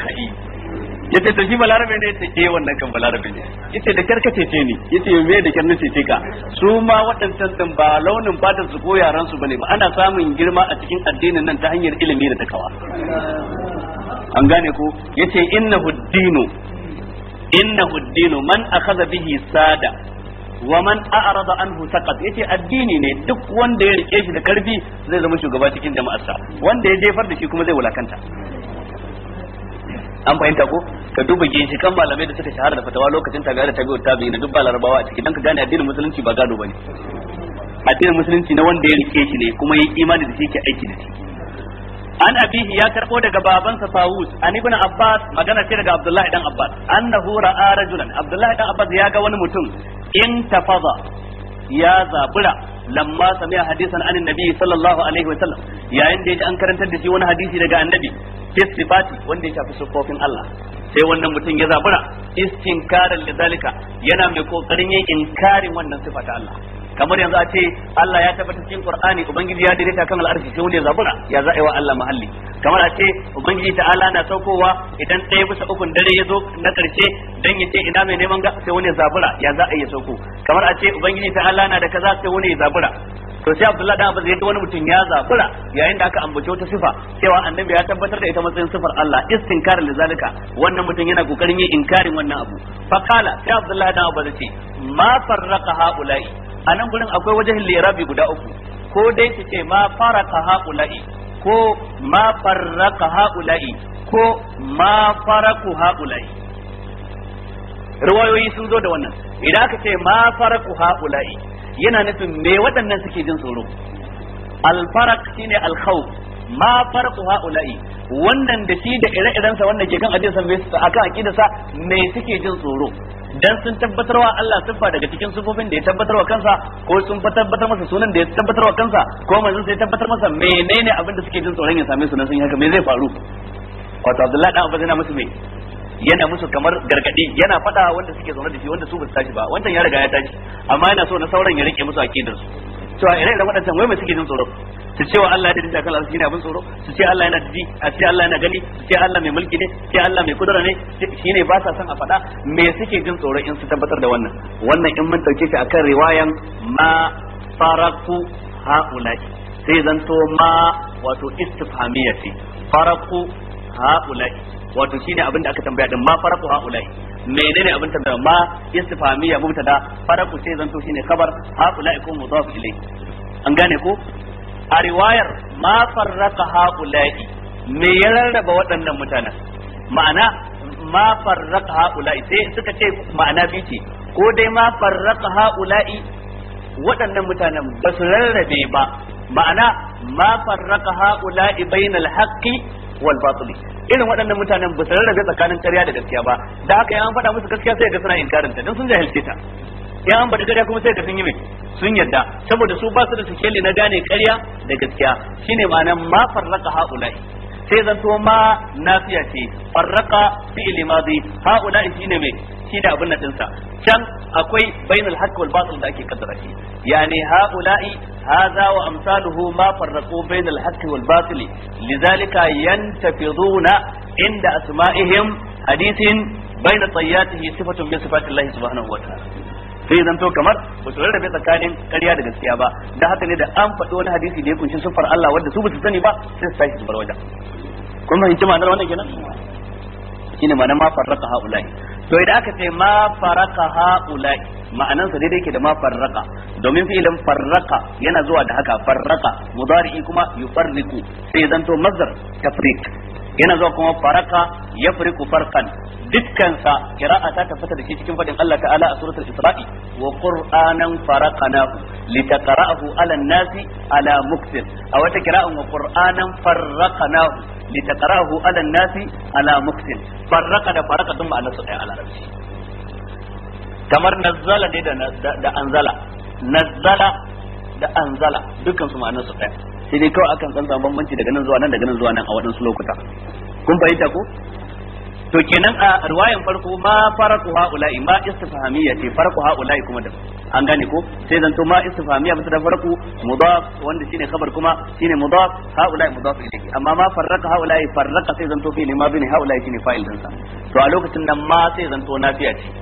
yace to shi balarabe ne yace eh wannan kan balarabe ne yace da karkace ce ni yace me da karnace ce ka su ma waɗancan din ba launin fatan su ko yaran su bane ba ana samun girma a cikin addinin nan ta hanyar ilimi da takawa an gane ko yace innahu dinu innahu dinu man akhadha bihi sada wa man a'rada anhu saqat yace addini ne duk wanda ya rike shi da karfi zai zama shugaba cikin jama'arsa wanda ya jefar da shi kuma zai wulakanta an fahimta ko ka duba ginshikan malamai da suka shahara da fatawa lokacin ta gada ta biyu ta biyu na duk larabawa a cikin dan ka gane addinin musulunci ba gado bane addinin musulunci na wanda ya rike shi ne kuma ya imani da shi aiki da shi an abi ya karbo daga babansa Tawus an ibn Abbas magana ce daga Abdullah dan Abbas annahu ra'a rajulan Abdullah dan Abbas ya ga wani mutum in tafaza ya zabura lamma sami'a hadisan anin nabi sallallahu alaihi wa sallam yayin da ya an karantar da shi wani hadisi daga annabi fisifati wanda ya shafi sufofin Allah sai wannan mutum ya zabura istinkaran lidalika yana mai kokarin yin inkarin wannan sifata Allah kamar yanzu a ce Allah ya tabbata cikin Qur'ani ubangiji ya daidaita kan al'arshi sai wanda ya zabura ya za'a yi wa Allah mahalli kamar a ce ubangiji ta'ala na saukowa idan ɗaya bisa ukun dare ya zo na ƙarshe dan ya ce ina mai neman ga sai wani ya zabura ya za a yi sauko kamar a ce ubangiji ta'ala na da kaza sai wani ya zabura to sai Abdullah da Abbas yayin wani mutum ya zabura yayin da aka ambace wata sifa cewa annabi ya tabbatar da ita matsayin sifar Allah istinkarin zalika wannan mutum yana kokarin yin inkarin wannan abu fa kala sai Abdullah da Abbas ce ma farraqa haula'i a nan gurin akwai wajen lirabi guda uku ko dai su ce ma fara ka haƙula'i ko ma ka haƙula'i ko ma fara ku haƙula'i. ruwayoyi sun zo da wannan idan aka ce ma fara ku haƙula'i yana nufin me waɗannan suke jin tsoro alfarak shine alkhawf ma farqu haula'i wannan da shi da ire iren sa wannan ke kan ajin sa akan sa me suke jin tsoro dan sun tabbatarwa Allah siffa daga cikin sufofin da ya tabbatarwa kansa ko sun tabbatar masa sunan da ya tabbatarwa kansa ko manzon sai tabbatar masa menene abin da suke jin tsoron ya same su nan sun haka me zai faru wato Abdullahi dan Abbas yana musu me yana musu kamar gargadi yana fada wanda suke zaune da shi wanda su ba su tashi ba wannan ya riga ya tashi amma yana so na sauran ya rike musu akidar su to a ire-iren waɗannan wai mai suke jin tsoro su ce wa Allah da dinda kalar shine abin tsoro su ce Allah yana ji a ce Allah yana gani su ce Allah mai mulki ne su ce Allah mai kudura ne shine ba sa son a faɗa me suke jin tsoro in su tabbatar da wannan wannan in mun dauke shi akan riwayan ma faraku haula'i sai zanto ma wato istifhamiyya ce faraku haula'i wato shine abin da aka tambaya din ma faraku haula'i menene abin tambaya ma istifhamiya mubtada faraku sai zanto shine khabar haula'i ko mudaf ilayhi an gane ko a riwayar ma farraka haula'i me ya rarraba waɗannan mutanen ma'ana ma farraka haula'i sai suka ce ma'ana biyu ce ko dai ma farraka haula'i waɗannan mutanen ba su rarrabe ba ma'ana ma farraka haula'i bainal haqqi wal batil irin waɗannan mutanen ba su rarrabe tsakanin ƙarya da gaskiya ba da haka yan faɗa musu gaskiya sai ga suna inkarin ta dan sun jahilce ta in an bada ƙarya kuma sai ka sun yi mai sun yadda saboda su ba su da sikeli na gane karya da gaskiya shine ma'ana ma farraka haula'i sai zanto ma nafiya ce farraka fi'li madi haula'i shine mai shi da abin nan can akwai bainal haqq wal batil da ake kaddara shi yani haula'i hadha wa amsaluhu ma farraqu bainal haqq wal batil lidhalika yantafiduna inda asma'ihim hadithin baina tayyatihi sifatun min sifatillahi subhanahu wa ta'ala sai zanto kamar ba su rarrabe tsakanin karya da gaskiya ba da haka ne da an faɗi wani hadisi da ya kunshi siffar Allah wanda su ba su sani ba sai su tashi su bar wajen kun fahimci ma'anar wannan kenan shine ma'anar ma farraka haula'i to idan aka ce ma farraka haula'i ma'anansa daidai ke da ma farraka domin fi'ilin farraka yana zuwa da haka farraka mudari'i kuma yufarriku sai zanto mazdar tafriq yana zuwa kuma faraka ya furiku farkan dukkansa kira'a ta tabbata da shi cikin fadin Allah ta'ala a suratul isra'i wa qur'anan faraqnahu litaqra'ahu 'ala an-nasi 'ala muktin a wata kira'an wa qur'anan faraqnahu litaqra'ahu 'ala an-nasi 'ala muktin faraka da faraka dun ma'anar su ɗaya a larabci kamar nazzala da anzala nazzala da anzala dukkan su ma'anar su ɗaya sai dai kawai akan san bambanci daga nan zuwa nan daga nan zuwa nan a waɗansu lokuta kun fahimta ko to kenan a ruwayan farko ma faraku haula'i ma istifhamiyya ce farqu haula'i kuma da an gane ko sai zanto ma istifhamiyya bisa da farku mudaf wanda shine khabar kuma shine mudaf haula'i mudaf ilayhi amma ma farraka haula'i farraka sai zanto fi ma bin haula'i shine fa'il dinsa to a lokacin nan ma sai zanto nafiya ce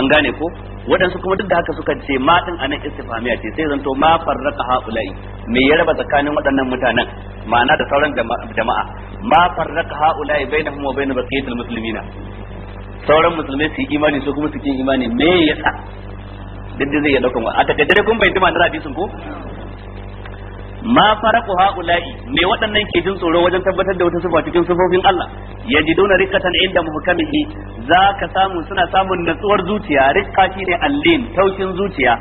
an gane ko waɗansu kuma duk da haka suka ce ma din anan istifhamiya ce sai zanto ma farraqa haula'i me ya raba tsakanin waɗannan mutanen ma'ana da sauran jama'a ma farraqa haula'i bainahum wa bainal baqiyatil muslimina sauran musulmai su yi imani su kuma su yi imani me yasa duk da zai ya dauka a takardare kun tuma da hadisin ko ma faraku haula'i me waɗannan ke jin tsoro wajen tabbatar da wata sifa cikin sifofin Allah ya ji yajiduna riqatan inda muhkamihi za ka samu suna samun natsuwar zuciya riqqa ne allin taushin zuciya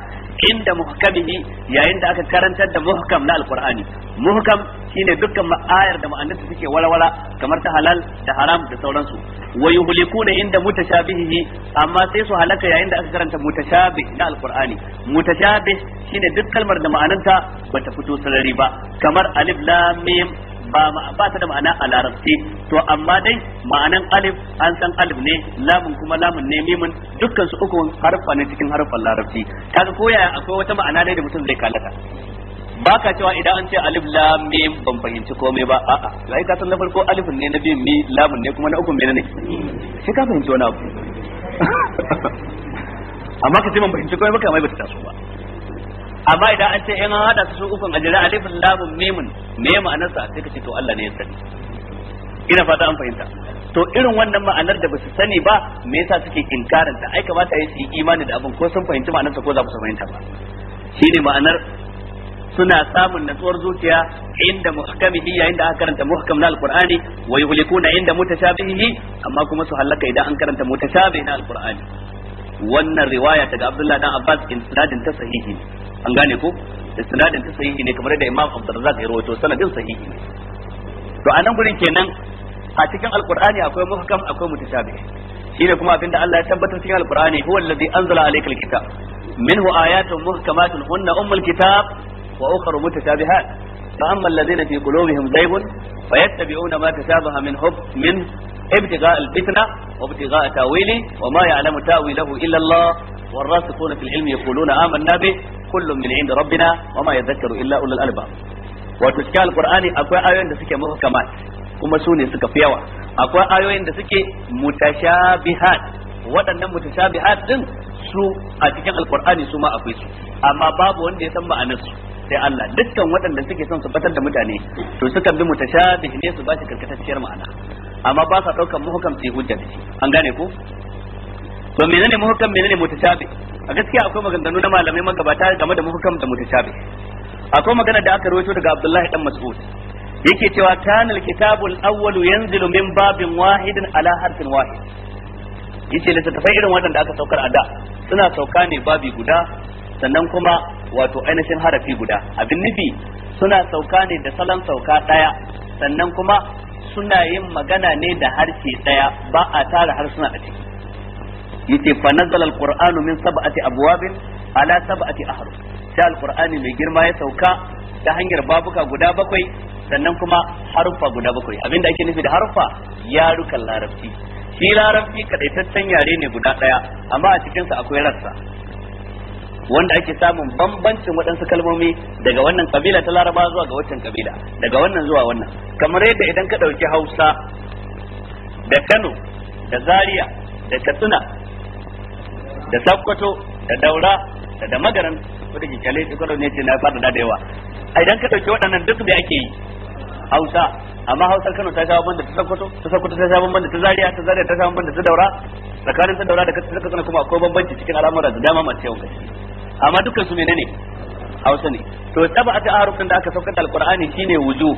inda muhkamihi yayin da aka karantar da muhkam na alqur'ani muhkam shine dukkan ayar da ma'anarta suke walawala kamar ta halal da haram da sauransu wa yuhlikuna inda mutashabihi amma sai su halaka yayin da aka karanta mutashabih na alqur'ani mutashabih shine duk kalmar da ma'anarta bata fito sarari ba kamar alif lam mim ba ba ta da ma'ana a larabci to amma dai ma'anan alif an san alif ne lamun kuma lamun ne mimun dukkan su uku harfa ne cikin harfan larabci kaga koyaya akwai wata ma'ana dai da mutum zai kalata ba ka cewa idan an ce alif lam mim ban fahimci komai ba a'a sai ka san na farko Alif ne na biyu mi lamun ne kuma na uku menene sai ka fahimci wani abu amma ka ce ban fahimci komai ba kai mai bata taso ba amma idan an ce in an hada su ukun a jira alif lamun mimun me ma'anarsa sai ka ce to Allah ne ya sani ina fata an fahimta to irin wannan ma'anar da basu sani ba me yasa suke inkarin ta ai kamata yi su yi imani da abin ko sun fahimci ma'anarsa ko za su fahimta ba shine ma'anar suna samun natsuwar zuciya inda muhkamihi yayin da aka karanta muhkam na alqur'ani wa yuhlikuna inda mutashabihi amma kuma su halaka idan an karanta mutashabihi na alqur'ani wannan riwaya daga Abdullahi dan Abbas in sinadin ta sahihi an gane ko istinadin ta sahihi ne kamar da Imam abdul Abdurrazzaq ya rawaito sanadin sahihi ne to anan gurin kenan a cikin alqur'ani akwai muhkam akwai mutashabih shine kuma abinda Allah ya tabbatar cikin alqur'ani huwa alladhi anzala alayka alkitab minhu ayatun muhkamatun hunna ummul kitab wa ukhra mutashabihat فأما الذين في قلوبهم زيغ فيتبعون ما تشابه من حب من ابتغاء الفتنة وابتغاء تاويله وما يعلم تاويله إلا الله والراسخون في العلم يقولون آمنا به kullum da inda na wa ma yadhakkaru illa ulul wato cikin alkur'ani akwai ayoyin da suke muhkamat kuma su ne suka fi yawa akwai ayoyin da suke mutashabihat waɗannan mutashabihat din su a cikin alkur'ani su ma akwai su amma babu wanda ya san ma'anar su sai Allah dukkan waɗanda suke son su batar da mutane to sukan bi mutashabih ne su ba shi karkatacciyar ma'ana amma ba sa ɗaukar muhukam sai hujja da shi an gane ko to menene muhkam menene mutashabi a gaskiya akwai maganganu na malamai magabata game da muhkam da mutashabi akwai magana da aka rawaito daga Abdullahi dan Mas'ud yake cewa kanal kitabul awwalu yanzilu min babin wahidin ala harfin wahid yace littattafai irin waɗanda aka saukar a da suna sauka ne babi guda sannan kuma wato ainihin harafi guda abin nufi suna sauka ne da salon sauka ɗaya sannan kuma suna yin magana ne da harshe ɗaya ba a tara harsuna a ciki yace fa nazala alqur'anu min sab'ati abwabin ala sab'ati ahruf sai alqur'ani mai girma ya sauka ta hanyar babuka guda bakwai sannan kuma harfa guda bakwai abinda ake nufi da harfa rukan larabci shi larabci kadaitaccen yare ne guda daya amma a cikinsa akwai rassa wanda ake samun bambancin waɗansu kalmomi daga wannan kabila ta laraba zuwa ga waccan kabila daga wannan zuwa wannan kamar yadda idan ka ɗauki hausa da kano da zaria da katsina da sakkwato da daura da da magaran wanda ke kyale su kwaro ne ce na fara da yawa a idan ka dauke waɗannan duk da ake yi hausa amma hausar kano ta sha banda ta sakkwato ta sakkwato ta sha banda ta zariya ta zariya ta sha banda ta daura tsakanin ta daura da ta sakkwato kuma akwai bambanci cikin al'amura da dama masu yawan gaske amma dukkan su menene hausa ne to taba aka harufin da aka saukar da alqur'ani shine wuju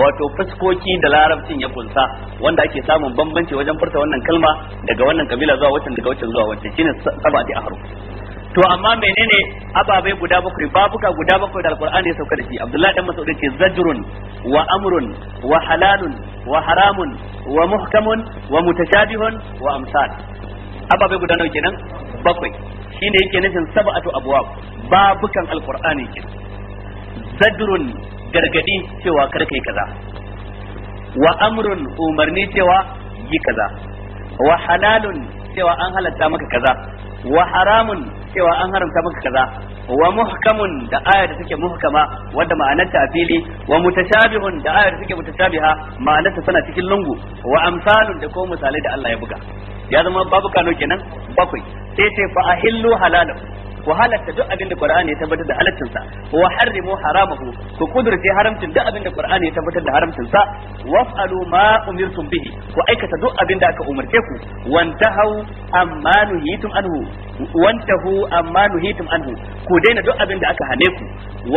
wato fuskoki da larabcin ya kunsa wanda ake samun bambanci wajen furta wannan kalma daga wannan kabila zuwa wancan daga wancan zuwa wancan shine taba ta haruf to amma menene ababai guda bakwai babuka guda bakwai da alqur'ani ya sauka da shi abdullahi dan mas'ud ce zajrun wa amrun wa halalun wa haramun wa muhkamun wa mutashabihun wa amsal ababai guda nawa kenan bakwai shine yake nufin sab'atu abwab babukan alqur'ani ke zadrun gargadi cewa kar kai kaza wa amrun umarni cewa yi kaza wa halalun cewa an halatta maka kaza wa haramun cewa an haramta maka kaza wa muhkamun da aya da suke muhkama wanda ma'anarta a fili wa mutashabihun da aya da take mutashabiha ma'anarta suna cikin lungu wa amsalun da ko misalai da Allah ya buga ya zama babu kano kenan bakwai sai ce fa ahillu halala. ku halatta duk abin da qur'ani ya tabbatar da halaccin sa wa harrimu haramahu ku kudurce haramcin duk abin da qur'ani ya tabbatar da haramcin sa waf'alu ma umirtum bihi ku aikata duk abin da aka umarce ku wantahu amma nuhitum anhu wantahu amma nuhitum anhu ku daina duk abin da aka hane ku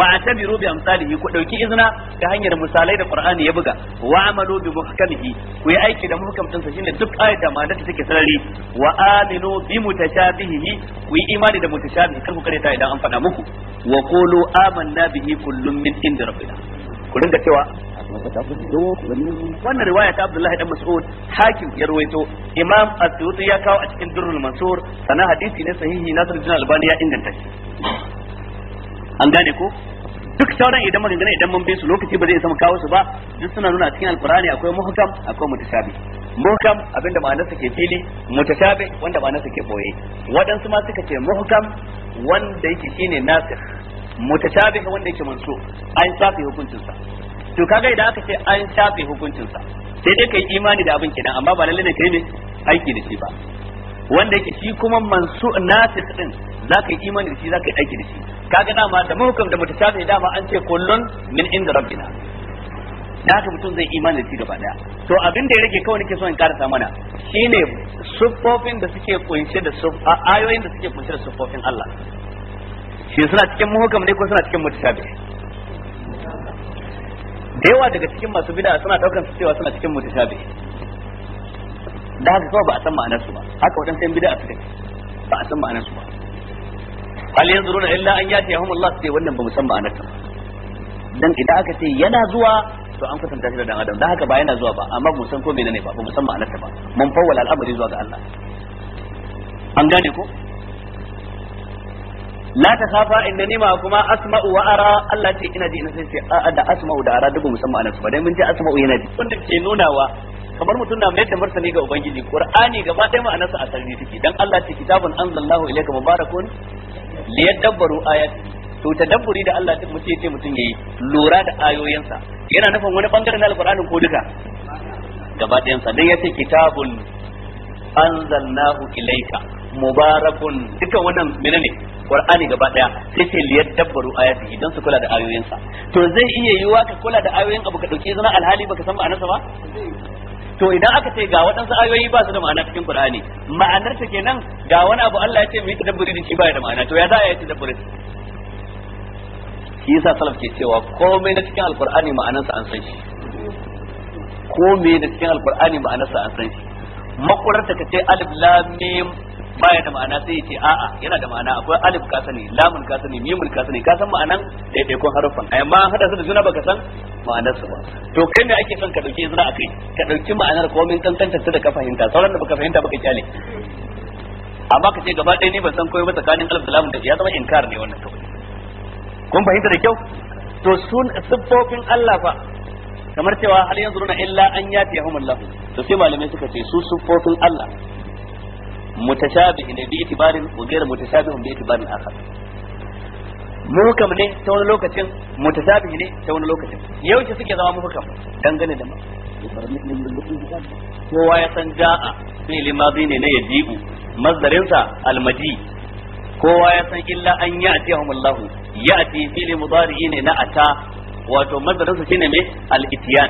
wa tabiru bi amsalihi ku dauki izina ta hanyar misalai da qur'ani ya buga wa amalu bi muhkamihi ku yi aiki da muhkamtin sa shine duk ayat da ma take sarari wa aminu bi mutashabihi ku yi imani da mutashabihi ce kar ku kare ta idan an faɗa muku wa qulu amanna bihi kullum min inda rabbina ku dinga cewa wannan riwaya ta Abdullahi dan Mas'ud hakim ya rawaito Imam Asyuti ya kawo a cikin Durrul Mansur sana hadisi ne sahihi Nasiruddin Albani ya inganta shi an gane ko duk sauran idan maganganu idan mun bi su lokaci ba zai mu kawo su ba duk suna nuna cikin alkurani akwai muhkam akwai mutashabi muhkam abinda ma'anarsa ke fili mutashabi wanda ma'anarsa ke boye waɗansu ma suka ce muhkam wanda yake shine nasir mutatabi wanda yake manso an shafe hukuncin sa to kaga idan aka ce an shafe hukuncin sa sai dai kai imani da abin kenan amma ba lalle ne kai ne aiki da shi ba wanda yake shi kuma mansu nasir din zaka yi imani da shi zaka yi aiki da shi kaga dama da mahukam da mutatabi dama an ce kullun min inda rabbina da haka mutum zai imani ci gaba daya to abin da ya rage kawai nake so in karasa mana shine sufofin da suke kunshe da ayoyin da suke kunshe da sufofin Allah shi suna cikin muhukam ne ko suna cikin mutashabi da yawa daga cikin masu bid'a suna daukan su cewa suna cikin mutashabi da haka kawai ba a san ma'anar su ba haka wadansu yan bid'a suka ba a san ma'anar su ba hal yanzuruna illa an yatiyahum Allah sai wannan ba mu san ma'anar ta dan idan aka ce yana zuwa to an kwatanta shi da dan adam dan haka ba yana zuwa ba amma mu san ko menene ba mu san ma'anarsa ba mun fawwala al'amari zuwa ga Allah an gane ko la ta safa inda nima kuma asma'u wa ara Allah ce ina ji ina sai a a'a da asma'u da ara duk musamman anan su ba dai mun ce asma'u yana ji wanda ke nunawa kamar mutum na mai da martani ga ubangiji qur'ani gaba ɗaya ma'anarsa a sarri take dan Allah ce kitabun anzalallahu ilayka mubarakun liyadabbaru ayati to tadabburi da Allah duk mutum ya ce mutum yayi lura da ayoyinsa yana nufin wani bangare na alqur'ani ko duka gaba ɗayan sa dan yace kitabun anzalnahu ilayka mubarakun duka wannan menene qur'ani gaba daya sai ce liyadabbaru ayati idan su kula da ayoyinsa to zai iya yiwa ka kula da ayoyin abu ka dauke zana alhali baka san ma'anarsa ba to idan aka ce ga waɗansu ayoyi ba su da ma'ana cikin qur'ani ma'anar ta kenan ga wani abu Allah ya ce mu yi tadabburi da shi ba da ma'ana to ya za a yi tadabburi shi yasa salaf ke cewa komai da cikin alqur'ani ma'anarsa an san shi komai da cikin alqur'ani ma'anarsa an san shi makurar ta ce alif lam mim baya da ma'ana sai ya ce a'a yana da ma'ana akwai alif ka sani lamun ka sani mimun ka sani ka san ma'anan daidaikon haruffan amma hada su da juna baka san ma'anar su ba to kai me ake son ka dauke izina akai ka dauki ma'anar komai kankantar ta da ka fahimta sauran da baka fahimta baka kyale amma ka ce gaba ɗaya ne ban san koyi ba tsakanin alif da lamun da ya zama inkar ne wannan kawai kun fahimta da kyau to sun siffofin Allah fa kamar cewa har yanzu na illa an yati yahum Allah to sai malamai suka ce su siffofin Allah mutashabihi ne bi itibarin wa ghayr mutashabihun bi itibarin akhar kam ne ta wani lokacin mutashabihi ne ta wani lokacin yau ki suke zama muhkam dangane da kowa ya san ja'a fi'il madhi ne na yajibu mazdarinsa almaji kowa ya san illa an ya'tihum Allah ya'ti fili mudari ne na ata wato madarasa shine mai al-ityan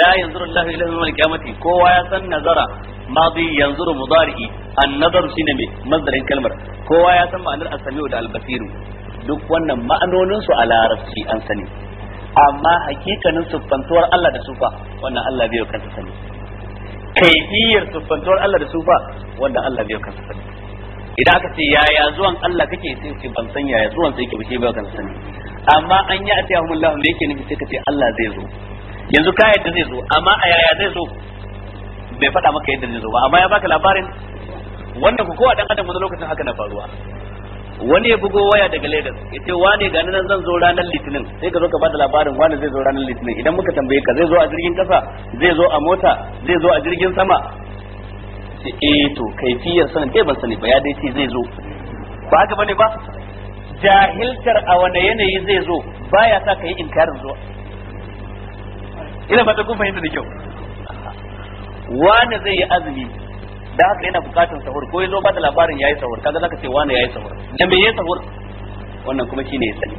la yanzu Allah ila yawm al-qiyamati kowa ya san nazara madi yanzu mudari an-nazar shine mai mazarin kalmar kowa ya san ma'anar as-sami'u da al-basiru duk wannan ma'anonin su a larabci an sani amma hakikanin siffantuwar Allah da sufa wannan Allah bai kansa sani kaifiyar siffantuwar Allah da sufa wannan Allah bai kansa sani idan aka ce yaya zuwan Allah kake sai ce ban san yaya zuwan sai ke ba shi ba kan sani amma an yi atiya hum Allah me yake nufi sai ka ce Allah zai zo yanzu ka yadda zai zo amma a yaya zai zo bai faɗa maka yadda zai zo ba amma ya baka labarin wannan ku kowa dan adam wani lokacin haka na faruwa wani ya bugo waya daga Lagos ya ce wane ga nan zan zo ranar Litinin sai ka zo ka bada labarin wani zai zo ranar Litinin idan muka tambaye ka zai zo a jirgin kasa zai zo a mota zai zo a jirgin sama ce eh to kaifiyar sanin bai ban sani ba ya dai ce zai zo ba haka bane ba jahiltar a wani yanayi zai zo baya sa ka yi inkarin zuwa ina fata kun fahimta da kyau wani zai yi azumi da haka yana bukatar sahur ko yazo ba da labarin yayi sahur kaga zaka ce wani yayi sahur dan me yayi sahur wannan kuma shine ya sani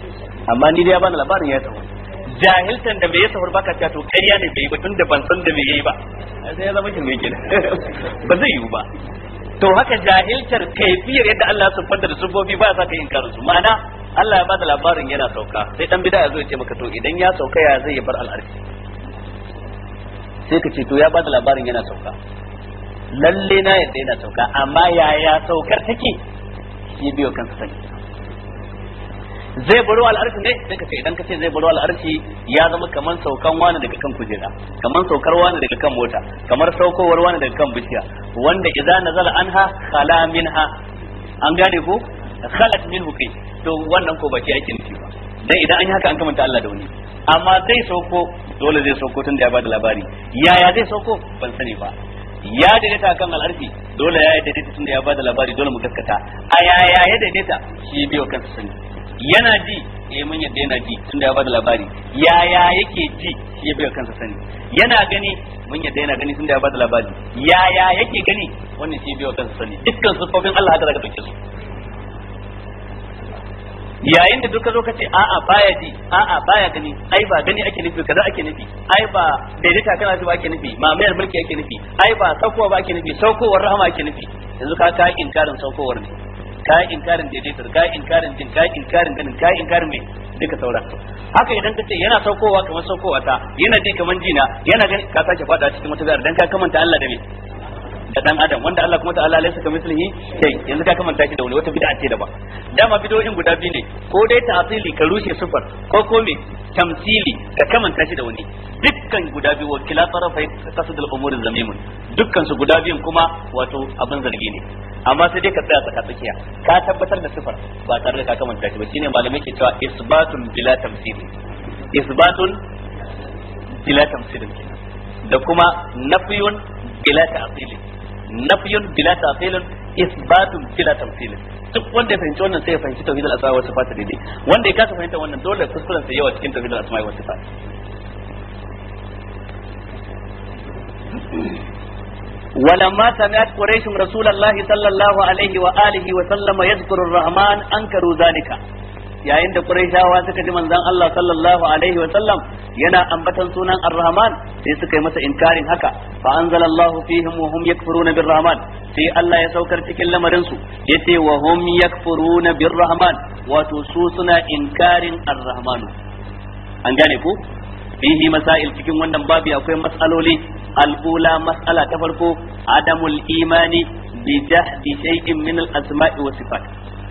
amma ni dai ya bani labarin yayi sahur jahiltan da bai sahur baka cewa to ƙarya ne bai ba tun da ban san da me yi ba sai ya zama shi mai kenan ba zai yiwu ba to haka jahiltar kaifiyar yadda Allah ya siffanta da sufofi ba sa ka inkar su ma'ana Allah ya bada labarin yana sauka sai dan bid'a ya ce maka to idan ya sauka ya zai bar al'arfi sai ka ce to ya bada labarin yana sauka lalle na yadda yana sauka amma ya ya saukar take shi biyo kansa sani zai baro al'arshi ne sai ka ce idan ka ce zai baro al'arshi ya zama kamar saukan wani daga kan kujera kamar saukar wani daga kan mota kamar saukowar wani daga kan bishiya wanda idan nazala anha khala minha an gane ko khalat minhu kai to wannan ko baki ce aikin shi ba dan idan an yi haka an kamanta Allah da wani amma zai sauko dole zai sauko tun da ya bada labari yaya zai sauko ban sani ba ya daidaita kan al'arfi dole ya daidaita tun da ya bada labari dole mu gaskata a yaya ya daidaita shi biyo kansa sani yana ji eh, mun yadda yana ji da ya bada labari yaya yake ji shi ya bai kansa sani yana gani mun yadda yana gani da ya bada labari yaya yake gani wannan shi bai kansa sani dukkan sufofin Allah haka zaka dauke su yayin da duka zo ka ce a'a baya ji a'a baya gani ai ba gani ake nufi kaza ake nufi ai ba daidaita kana ba ake nufi mamayar mulki ake nufi ai ba saukowa ba ake nufi saukowar rahama ake nufi yanzu ka ka inkarin saukowar ne ka inkarin daidaitar ka inkarin jin ka inkarin ganin ka inkarin mai duka sauran haka idan ka ce yana saukowa kamar saukowa ta yana ji kamar jina yana gani ka sake fada cikin wata zara dan ka kamanta Allah da me da dan adam wanda Allah kuma ta'ala laysa kamithlihi shay yanzu ka kamanta shi da wani wata bid'a ce da ba dama bid'o'in guda biyu ne ko dai ta'tili ka rushe sifar ko ko me tamthili ka kamanta shi da wani dukkan guda biyu wakila tarafai qasadul umuri zamim dukkan su guda biyun kuma wato abin zargi ne amma sai dai ka tsaya tsaka tsakiya ka tabbatar da sifar ba tare da ka kamanta shi ba shine malamai ke cewa isbatun bila tamthili isbatun bila tamthili da kuma nafiyun bila ta'tili nafyun bila tafsilin isbatun bila tamthilin duk wanda ya fahimci wannan sai ya fahimci al asma wa sifat daidai wanda ya kasa fahimta wannan dole kuskuren sa yawa cikin al asma wa sifat ولما سمعت قريش رسول الله صلى الله عليه وآله وسلم يذكر الرحمن أنكروا ذلك yayin da quraishawa suka ji manzon Allah sallallahu alaihi wa sallam yana ambatan sunan ar-rahman sai suka yi masa inkarin haka fa anzalallahu fihim wa hum yakfuruna bir-rahman sai Allah ya saukar cikin lamarin su yace wa hum yakfuruna bir-rahman wato su suna inkarin ar-rahman an gane ku? fihi masail cikin wannan babu akwai matsaloli al-ula mas'ala ta farko adamul imani bi jahdi shay'in min al-asma'i wa sifat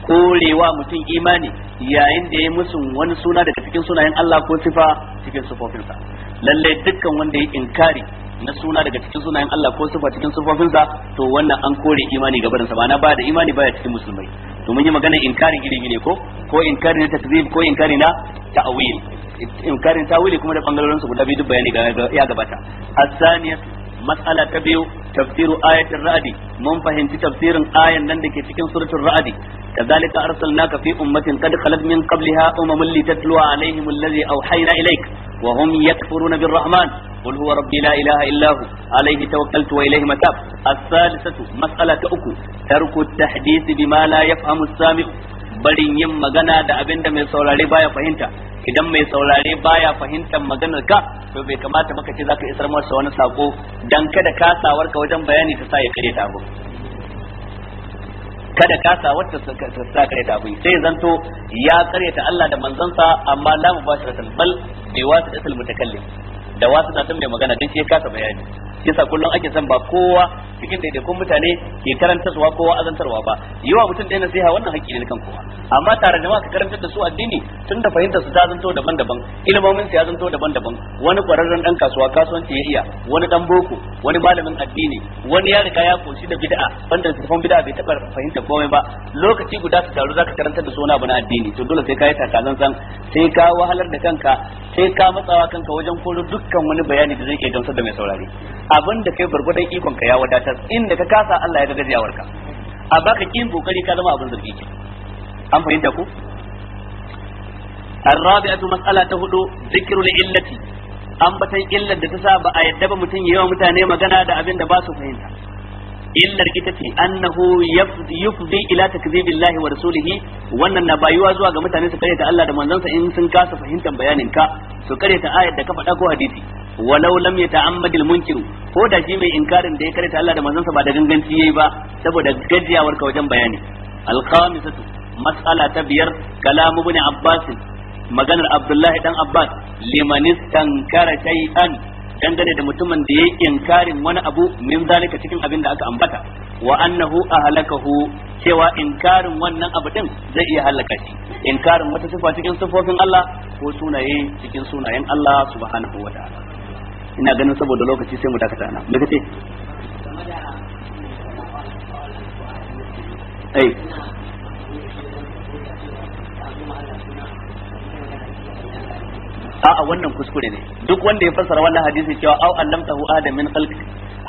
korewa mutum imani yayin da ya musu wani suna daga cikin sunayen Allah ko sifa cikin sufofinsa lallai dukkan wanda ya inkari na suna daga cikin sunayen Allah ko sifa cikin sufofinsa to wannan an kore imani barinsa ba na ba da imani baya cikin musulmai to mun yi magana inkarin ilimi ne ko ko inkari na takzib ko inkari na ta'wil inkarin ta'wili kuma da bangalorin su guda biyu duk bayani ya gabata as-saniyatu مسألة تبيو تفسير آية الرعد من mun تفسير آية ayan nan da cikin كذلك أرسلناك في أمة قد خلت من قبلها أمم لتتلو عليهم الذي أوحينا إليك وهم يكفرون بالرحمن قل هو ربي لا إله إلا هو عليه توكلت وإليه متاب الثالثة مسألة أكو ترك التحديث بما لا يفهم السامع barin yin magana da abin da mai saurare baya fahimta idan mai saurare baya fahimtar maganar ka to bai kamata maka ce zaka isar masa wani sako dan kada sawar ka wajen bayani ta sa ya kare ta abu kada sawar ta sa kare ta sai zanto ya kare ta Allah da manzansa amma la mubashiratan bal bi ta mutakallim da wasu ta mai magana dan shi ya kasa bayani yasa kullum ake san ba kowa cikin daidaikun mutane ke karantarwa kowa azantarwa ba yawa mutum ɗaya nasiha wannan haƙƙi ne kan kowa amma tare da ka karantar da su addini tun da fahimta su ta zanto daban-daban Ilimomin su ya zanto daban-daban wani ƙwararren ɗan kasuwa kasuwanci ya iya wani ɗan boko wani malamin addini wani ya riga ya koshi da bid'a su tafan bid'a bai taɓa fahimta komai ba lokaci guda su taru za ka karantar da su wani abu addini to dole sai ka yi taka san sai ka wahalar da kanka sai ka matsawa kanka wajen koro duk kan wani bayani da zai iya gamsar da mai saurari. abin da kai gwargwadon ikon ka ya wadatar inda ka kasa Allah ya ga gajiyawar ka a baka kin kokari ka zama abin zargi ki. an fahimta ku ta hudu هدو illaci. An ambatan illar da ta sa ba a yadda ba mutum yawa mutane magana da abin da ba su fahimta illar ita ce annahu yufdi ila takzibillahi wa rasulihi wannan na bayuwa zuwa ga mutane su karyata Allah da manzansa in sun kasa fahimtar bayanin ka su karyata ayar da ka faɗa ko hadisi walau lam yata'ammad al-munkir ko da shi mai inkarin da ya karyata Allah da manzansa ba da ganganci yayi ba saboda gajiyawar ka wajen bayani al-khamisatu mas'ala ta biyar kalam ibn abbas maganar abdullahi dan abbas liman istankara shay'an dangane da mutumin da ya yi inkarin wani abu min zalika cikin abin da aka ambata wa annahu ahlakahu cewa inkarin wannan abu din zai iya halaka shi inkarin wata sifa cikin sifofin Allah ko sunaye cikin sunayen Allah subhanahu wataala ina ganin saboda lokaci sai mu dakata nan me kace ai a'a wannan kuskure ne duk wanda ya fassara wannan hadisi cewa au allamtahu adam min khalq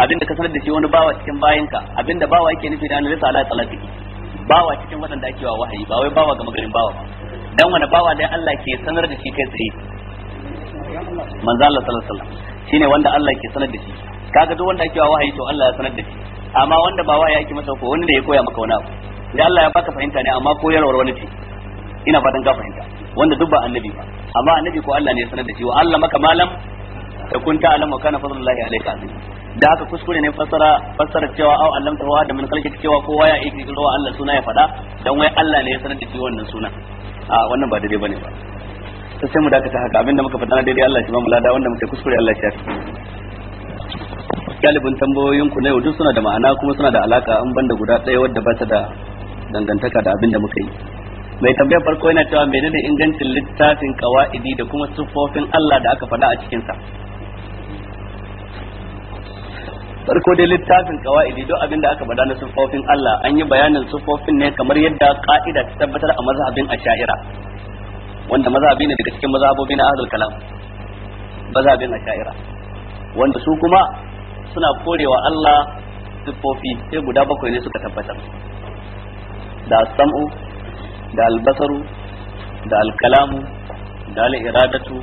abinda ka sanar da shi wani bawa cikin bayinka abinda bawa yake nufi da sallallahu ala wasallam bawa cikin wadanda ake wa wahayi ba wai bawa ga magarin bawa ba dan wani bawa dai Allah ke sanar da shi kai tsaye manzo Allah sallallahu alaihi wasallam shine wanda Allah ke sanar da shi kaga duk wanda ake wa wahayi to Allah ya sanar da shi amma wanda bawa ya yake masa ko wanda ya koya maka wani abu dan Allah ya baka fahimta ne amma koyarwar wani ce ina fatan ka fahimta wanda duk ba annabi ba amma annabi ko Allah ne ya sanar da shi wa Allah maka malam ta kunta alam kana fadlullahi alayka azim da haka kuskure ne fassara fassara cewa au Allah ta wa da min kalki cewa kowa ya yi kirkiro Allah suna ya fada dan wai Allah ne ya sanar da shi wannan suna. a wannan ba daidai bane ba to sai mu dakata haka abinda muka faɗa daidai Allah shi ba mu lada wanda muka kuskure Allah shi ya galibin tambayoyin ku na yau duk suna da ma'ana kuma suna da alaka an banda guda ɗaya wadda ba ta da dangantaka da abinda muka yi mai tambayar farko yana cewa menene ingancin littafin kawaidi da kuma sufofin Allah da aka faɗa a cikinsa. farko dai littafin kawaidi duk abin da aka faɗa na sufofin Allah an yi bayanin sufofin ne kamar yadda ka'ida ta tabbatar a mazhabin asha'ira wanda mazhabi ne daga cikin mazhabobi na ahlul kalam mazhabin asha'ira wanda su kuma suna korewa Allah sufofi sai guda bakwai ne suka tabbatar da sam'u da albasaru da alkalamu da al'iradatu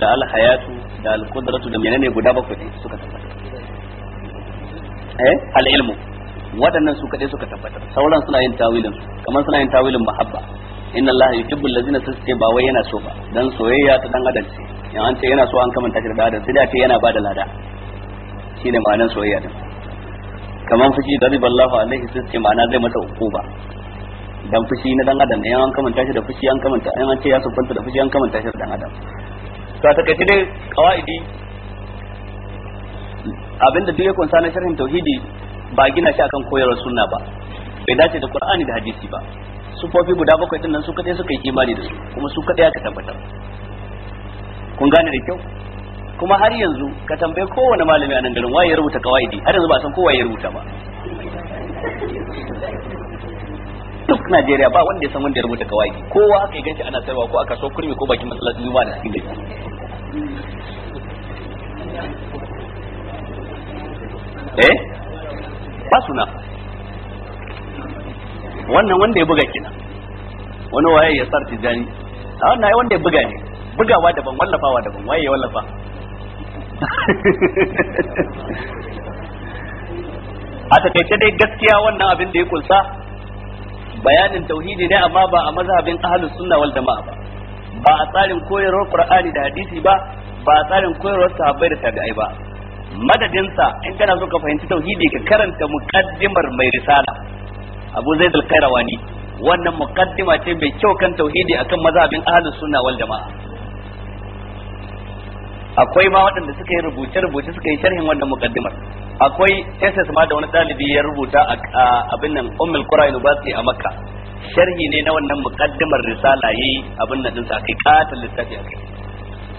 da alhayatu da alkudratu da menene guda bakwai ne suka tabbata eh al'ilmu waɗannan su kaɗai suka tabbata sauran suna yin tawilin kamar suna yin tawilin mahabba inna allaha yuhibbul ladina tasce ba wai yana so ba dan soyayya ta dan adam ce in an ce yana so an kamanta shi da adam sai da ce yana bada lada shine ma'anar soyayya din kamar fushi da alaihi sai ma'ana zai mata hukuma dan fushi na dan adam ne an kamanta shi da fushi an kamanta an ce ya sufanta da fushi an kamanta shi da dan adam to a takaice dai kawaidi abinda duk ya kunsa na sharhin tauhidi ba gina shi akan koyarwar sunna ba bai dace da qur'ani da hadisi ba su fofi guda bakwai din nan su kadai suka yi imani da su kuma su kadai aka tabbatar kun gane da kyau kuma har yanzu ka tambaye kowane malami a nan garin waye rubuta kawaidi har yanzu ba san kowa ya rubuta ba duk Najeriya ba wanda ya san wanda ya rubuta kawai kowa aka yi ganci ana sayarwa ko a kaso kurmi ko bakin masallacin juma'a da cikin gari eh ba suna wannan wanda ya buga kina wani waye ya sar jani a wannan wanda ya buga ne bugawa daban wallafawa daban waye ya wallafa a takaice dai gaskiya wannan abin da ya kunsa bayanin tauhidi ne amma ba a mazhabin ahlus sunna wal jama'a ba ba a tsarin koyarwar qur'ani da hadisi ba ba a tsarin koyarwar sahabbai da tabi'ai ba madadinsa in kana so ka fahimci tauhidi ka karanta muqaddimar mai risala abu zaid al qairawani wannan muqaddima ce mai kyau kan tauhidi akan mazhabin ahlus sunna wal jama'a akwai ma waɗanda suka yi rubuce rubuce suka yi sharhin wannan muqaddimar akwai SS ma da wani ɗalibi ya rubuta a abin nan Ummul Qura University a Makka sharhi ne na wannan muqaddimar risala yi abin nan dinsa kai katal littafi akai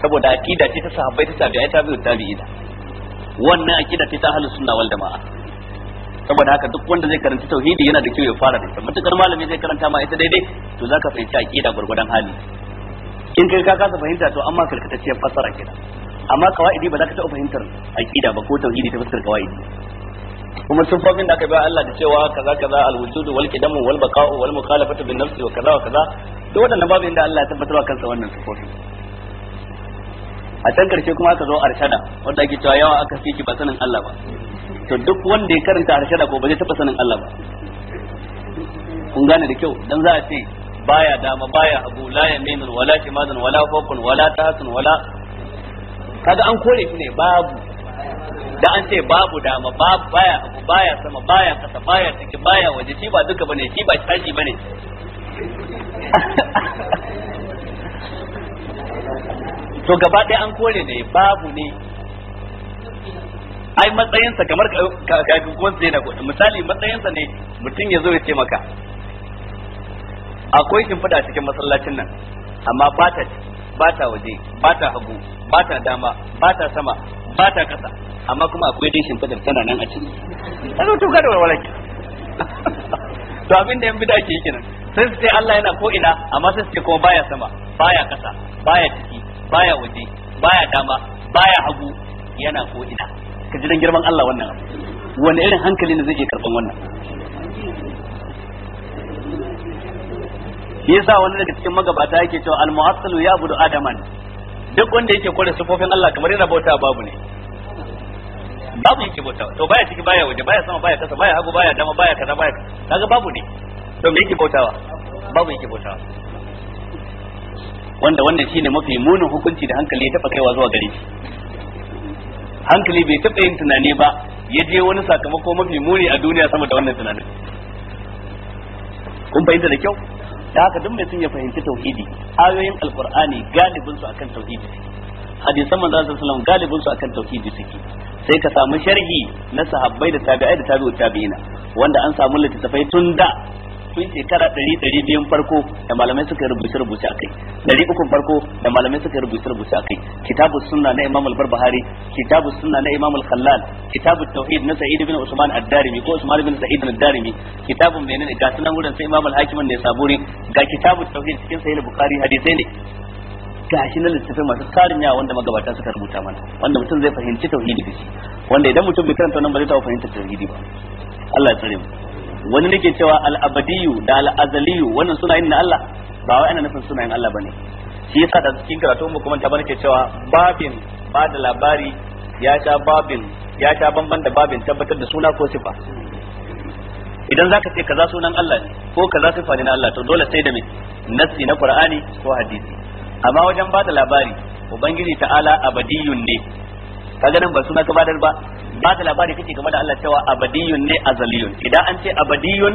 saboda aqida ce ta sahabbai ta tabi'i ta bi tabi'i da wannan aqida ce ta ahlus sunna wal jamaa saboda haka duk wanda zai karanta tauhidi yana da kyau ya fara da ita matukar malami zai karanta ma ita daidai to zaka fahimci aqida gurgurdan hali in kai ka kasa fahimta to amma karkatacciyar fasara kenan amma kawaidi ba za ka taɓa fahimtar ƙida ba ko tauhidi ta fuskar kawaidi kuma sufofin da aka bi Allah da cewa kaza kaza alwujudu wal kidamu wal baqa'u wal mukhalafatu bin nafsi wa kaza wa kaza to waɗannan babu inda Allah ya tabbatar wa kansa wannan sufofi a can karshe kuma aka zo arshada wanda ake cewa yawa aka fiki ba sanin Allah ba to duk wanda ya karanta arshada ko ba zai taɓa sanin Allah ba kun gane da kyau dan za a ce baya dama baya abu la yaminun wala shimadun wala fawqun wala tahtun wala kaga an kore ku ne babu da an ce babu dama babu baya abu baya sama baya kasa baya ciki baya waje shi ba duka bane shi ba tashi bane to gaba ɗaya an kore ne babu ne ai matsayinsa kamar kakakuwan zai na kuɗi misali matsayinsa ne mutum ya zo ya ce maka akwai shimfiɗa cikin masallacin nan amma ba ta ciki ba ta waje ba ta hagu ba ta dama ba ta sama ba ta kasa amma kuma akwai dai shimfidar tana nan a ciki ta zo tuka da walwalaki to abin da yan bida ke kenan sai su ce Allah yana ko ina amma sai su ce kuma baya sama baya kasa baya ciki baya waje baya dama baya hagu yana ko ina ka ji dan girman Allah wannan wani irin hankali ne zai iya karban wannan shi yasa wani daga cikin magabata yake cewa al muassalu ya budu adaman duk wanda yake kore sufofin Allah kamar yana bauta babu ne babu yake bauta to baya ciki baya waje baya sama baya kasa baya hagu baya dama baya kaza baya kaga babu ne to me yake bautawa babu yake bautawa wanda wannan shine mafi munin hukunci da hankali ya taba kaiwa zuwa gare shi hankali bai taba yin tunani ba ya je wani sakamako mafi muni a duniya sama da wannan tunanin kun bayyana da kyau da haka duk mai sun ya fahimci tauhidi ayoyin alqur'ani galibin su akan tauhidi hadisan manzo sallallahu alaihi galibin su akan tauhidi suke sai ka samu sharhi na sahabbai da tabi'ai da tabi'u tabi'ina wanda an samu littattafai tun da tun shekara ɗari ɗari biyun farko da malamai suka rubuce rubuce a kai ɗari ukun farko da malamai suka rubuce rubuce a kai kitabu sunna na imam al-barbahari kitabu sunna na imam al-khallal kitabu tauhid na sa'id ibn usman ad-darimi ko usman ibn sa'id ad-darimi kitabun menene ga sunan wurin sai imam al-hakim ne saburi ga kitabu tauhid cikin sahih al-bukhari hadisai ne gashi na littafin masu tarin yawa wanda magabata suka rubuta mana wanda mutum zai fahimci tauhidi da shi wanda idan mutum bai karanta nan ba zai taɓa fahimta tauhidi ba Allah ya tsare mu wani nake cewa al da al-azaliyu wannan yin na Allah ba wai ana nufin suna yin Allah bane shi yasa da cikin karatu mu kuma ta bane ke cewa babin ba da labari ya sha babin ya sha bamban da babin tabbatar da suna ko sifa idan zaka ce kaza sunan Allah ne ko kaza sifa ne na Allah to dole sai da me nassi na Qur'ani ko hadisi amma wajen ba da labari ubangiji ta'ala abadiyun ne kaga nan ba suna ka ba ba ta labari kake game da Allah cewa abadiyun ne azaliyun idan an ce abadiyun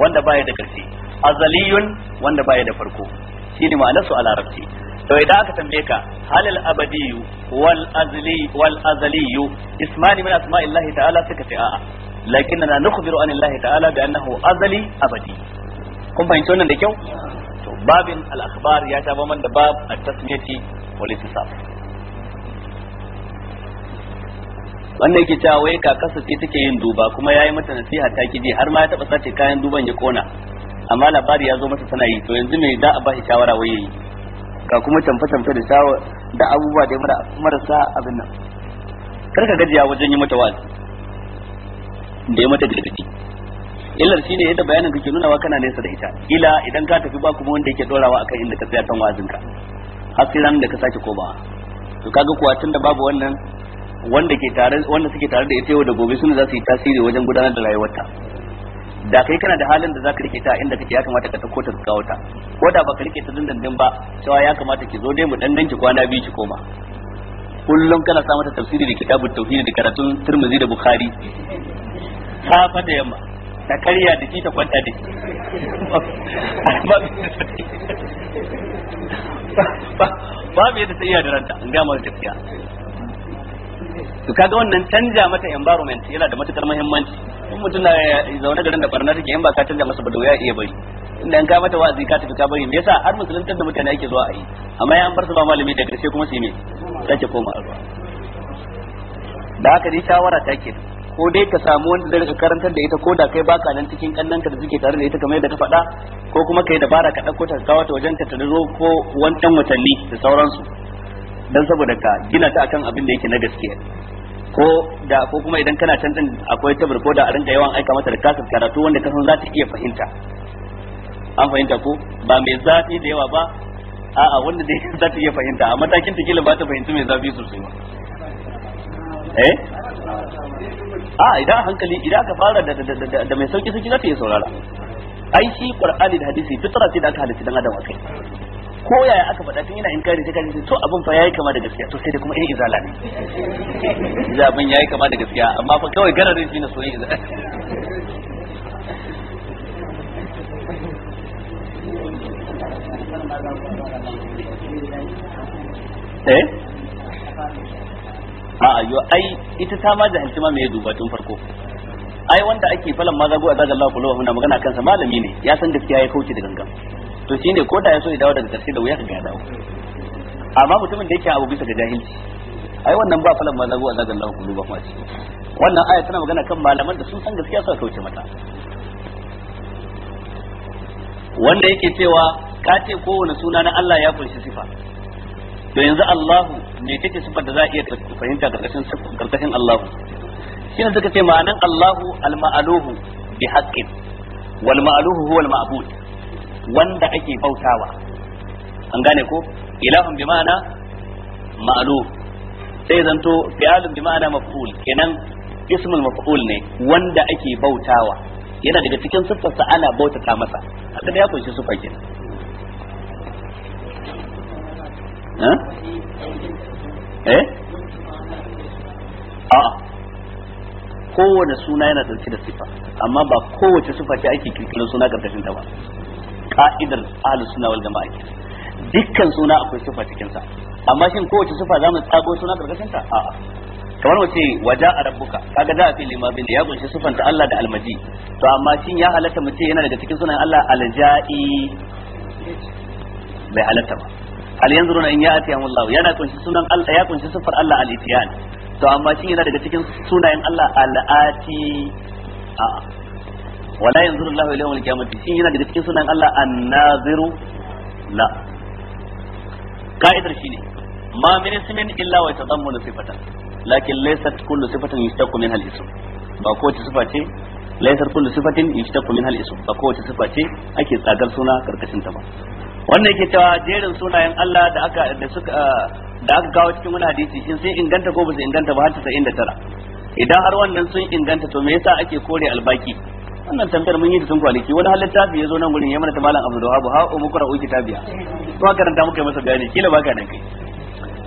wanda baya da ƙarshe azaliyun wanda baya da farko shine ma'anarsu a larabci to idan aka tambaye ka halal abadiyu wal azli wal azaliyu ismani min asma'illahi ta'ala suka ce a'a lakinna nukhbiru anillahi ta'ala bi annahu azali abadi kun fahimci wannan da kyau to babin al-akhbar ya ta ban da bab at-tasmiyati wal-ittisaf wannan yake cewa wai kakarsa ce take yin duba kuma yayi mata nasiha ta kiji har ma ya taba sace kayan duban ya kona amma labari ya zo mata tana yi to yanzu me za a shi shawara wai yayi ka kuma tamfe tamfe da shawa da abubuwa da marasa abin nan kar ka gajiya wajen yi mata wa'azi da ya mata gargadi illar shine ne yadda bayanin kake nunawa kana nesa da ita ila idan ka tafi ba kuma wanda yake dorawa akan inda ka tsaya kan wa'azinka har sai ran da ka sake komawa to kaga kuwa tunda babu wannan wanda ke tare wanda suke tare da ita yau da gobe sun za su yi tasiri wajen gudanar da rayuwarta da kai kana da halin da zaka rike ta inda kake ya kamata ka tako ta ga kawo ko da baka rike ta dindindin ba cewa ya kamata ki zo dai mu dandan ki kwana biyu ki koma kullum kana sa mata tafsiri da kitabut tauhid da karatun Tirmidhi da Bukhari safa da yamma ta karya da shi ta kwanta da Ba ba yadda ta iya ba ba in ga ba tafiya to kaga wannan canja mata environment yana da matukar muhimmanci in mutum na zaune garin da barna take in ba ka canja masa ba da wuya iya bari inda an ka mata wa'azi ka tafi ka bari me yasa har musulunta da mutane ake zuwa a yi amma ya an bar su ba malami da karshe kuma su yi me sake koma a ruwa da haka dai shawara ta ke ko dai ka samu wanda zai rika karantar da ita ko da kai baka nan cikin kannanka da suke tare da ita kamar yadda ka faɗa ko kuma kai dabara ka ɗauko ta kawo ta wajen ka ta ko wancan watanni da sauransu dan saboda ka gina ta akan abin da yake na gaskiya ko da ko kuma idan kana can din akwai tabar ko da a rinka yawan aika mata da kasar karatu wanda ka san za ta iya fahimta an fahimta ko ba mai zafi da yawa ba a'a wanda dai za ta iya fahimta a matakin ta ba ta fahimci mai zafi sosai ba eh a idan hankali idan aka fara da da mai sauki sauki za ta iya saurara ai shi qur'ani da hadisi fitra ce da aka halitta dan adam akai ko yaya aka faɗa tun yana inkari sai kan to abin fa yayi kama da gaskiya to sai da kuma irin izala ne idan abin yayi kama da gaskiya amma fa kawai gararin shi ne soyayya izala eh a ayo ai ita ta ma da hikima mai duba tun farko ai wanda ake falan ma zago a zaga kullu wa huna magana kansa malami ne ya san gaskiya ya kauce da gangan to shine ko da ya so ya dawo daga karshe da wuya ka ga dawo amma mutumin da yake abu bisa ga jahilci ai wannan ba falan ma zagu azaga Allah kullu ba kuma ci wannan aya tana magana kan malaman da sun san gaskiya suka kauce mata wanda yake cewa ka ce kowane suna na Allah ya kunshi sifa to yanzu Allahu ne take sifar da za a iya fahimta karkashin karkashin Allahu shine suka ce ma'anan Allahu al-ma'aluhu bi haqqin wal ma'aluhu huwa al-ma'bud wanda ake bautawa an gane ko ilahun bi ma'ana ma'lu sai zanto fi'alun bi ma'ana maf'ul kenan ismul maf'ul ne wanda ake bautawa yana daga cikin siffarsa ana bautata masa haka da ya kunshi sufa kenan eh a'a kowane suna yana dauke da sifa amma ba kowace sifa ce ake kirkirar suna karkashin ta ba ka'idar ahlus sunna wal jama'a ke dukkan suna akwai sifa cikin sa amma shin kowace sifa zamu tsago suna karkashin ta a'a kamar wace waja a rabbuka kaga za a fi limabin da ya kunshi sifanta Allah da almaji to amma shin ya halatta mu ce yana daga cikin sunan Allah alja'i bai halatta ba hal yanzuruna in ya ya'ti amullahu yana kunshi sunan Allah ya kunshi sufar Allah al-itiyan to amma shin yana daga cikin sunayen Allah al-ati a'a wala yanzuru Allahu ila yawmil qiyamati shin yana daga cikin sunan Allah annaziru la ka'idar shine ma min ismin illa wa yatadammanu sifatan lakin laysat kullu sifatin yushtaqu minha al-ism ba kowace sifa ce laysat kullu sifatin yushtaqu minha al-ism ba kowace sifa ce ake tsagar suna karkashin ta ba wannan yake cewa jerin sunayen Allah da aka da suka da aka kawo cikin wani hadisi shin sai inganta ko ba su inganta ba har 99 idan har wannan sun inganta to me yasa ake kore albaki wannan tambayar mun yi da tun kwanaki wani halin tafi ya zo nan gurin ya mana ta malam abdul wabu ha'u umu qara uki tafiya to karanta muka yi masa bayani kila baka nan kai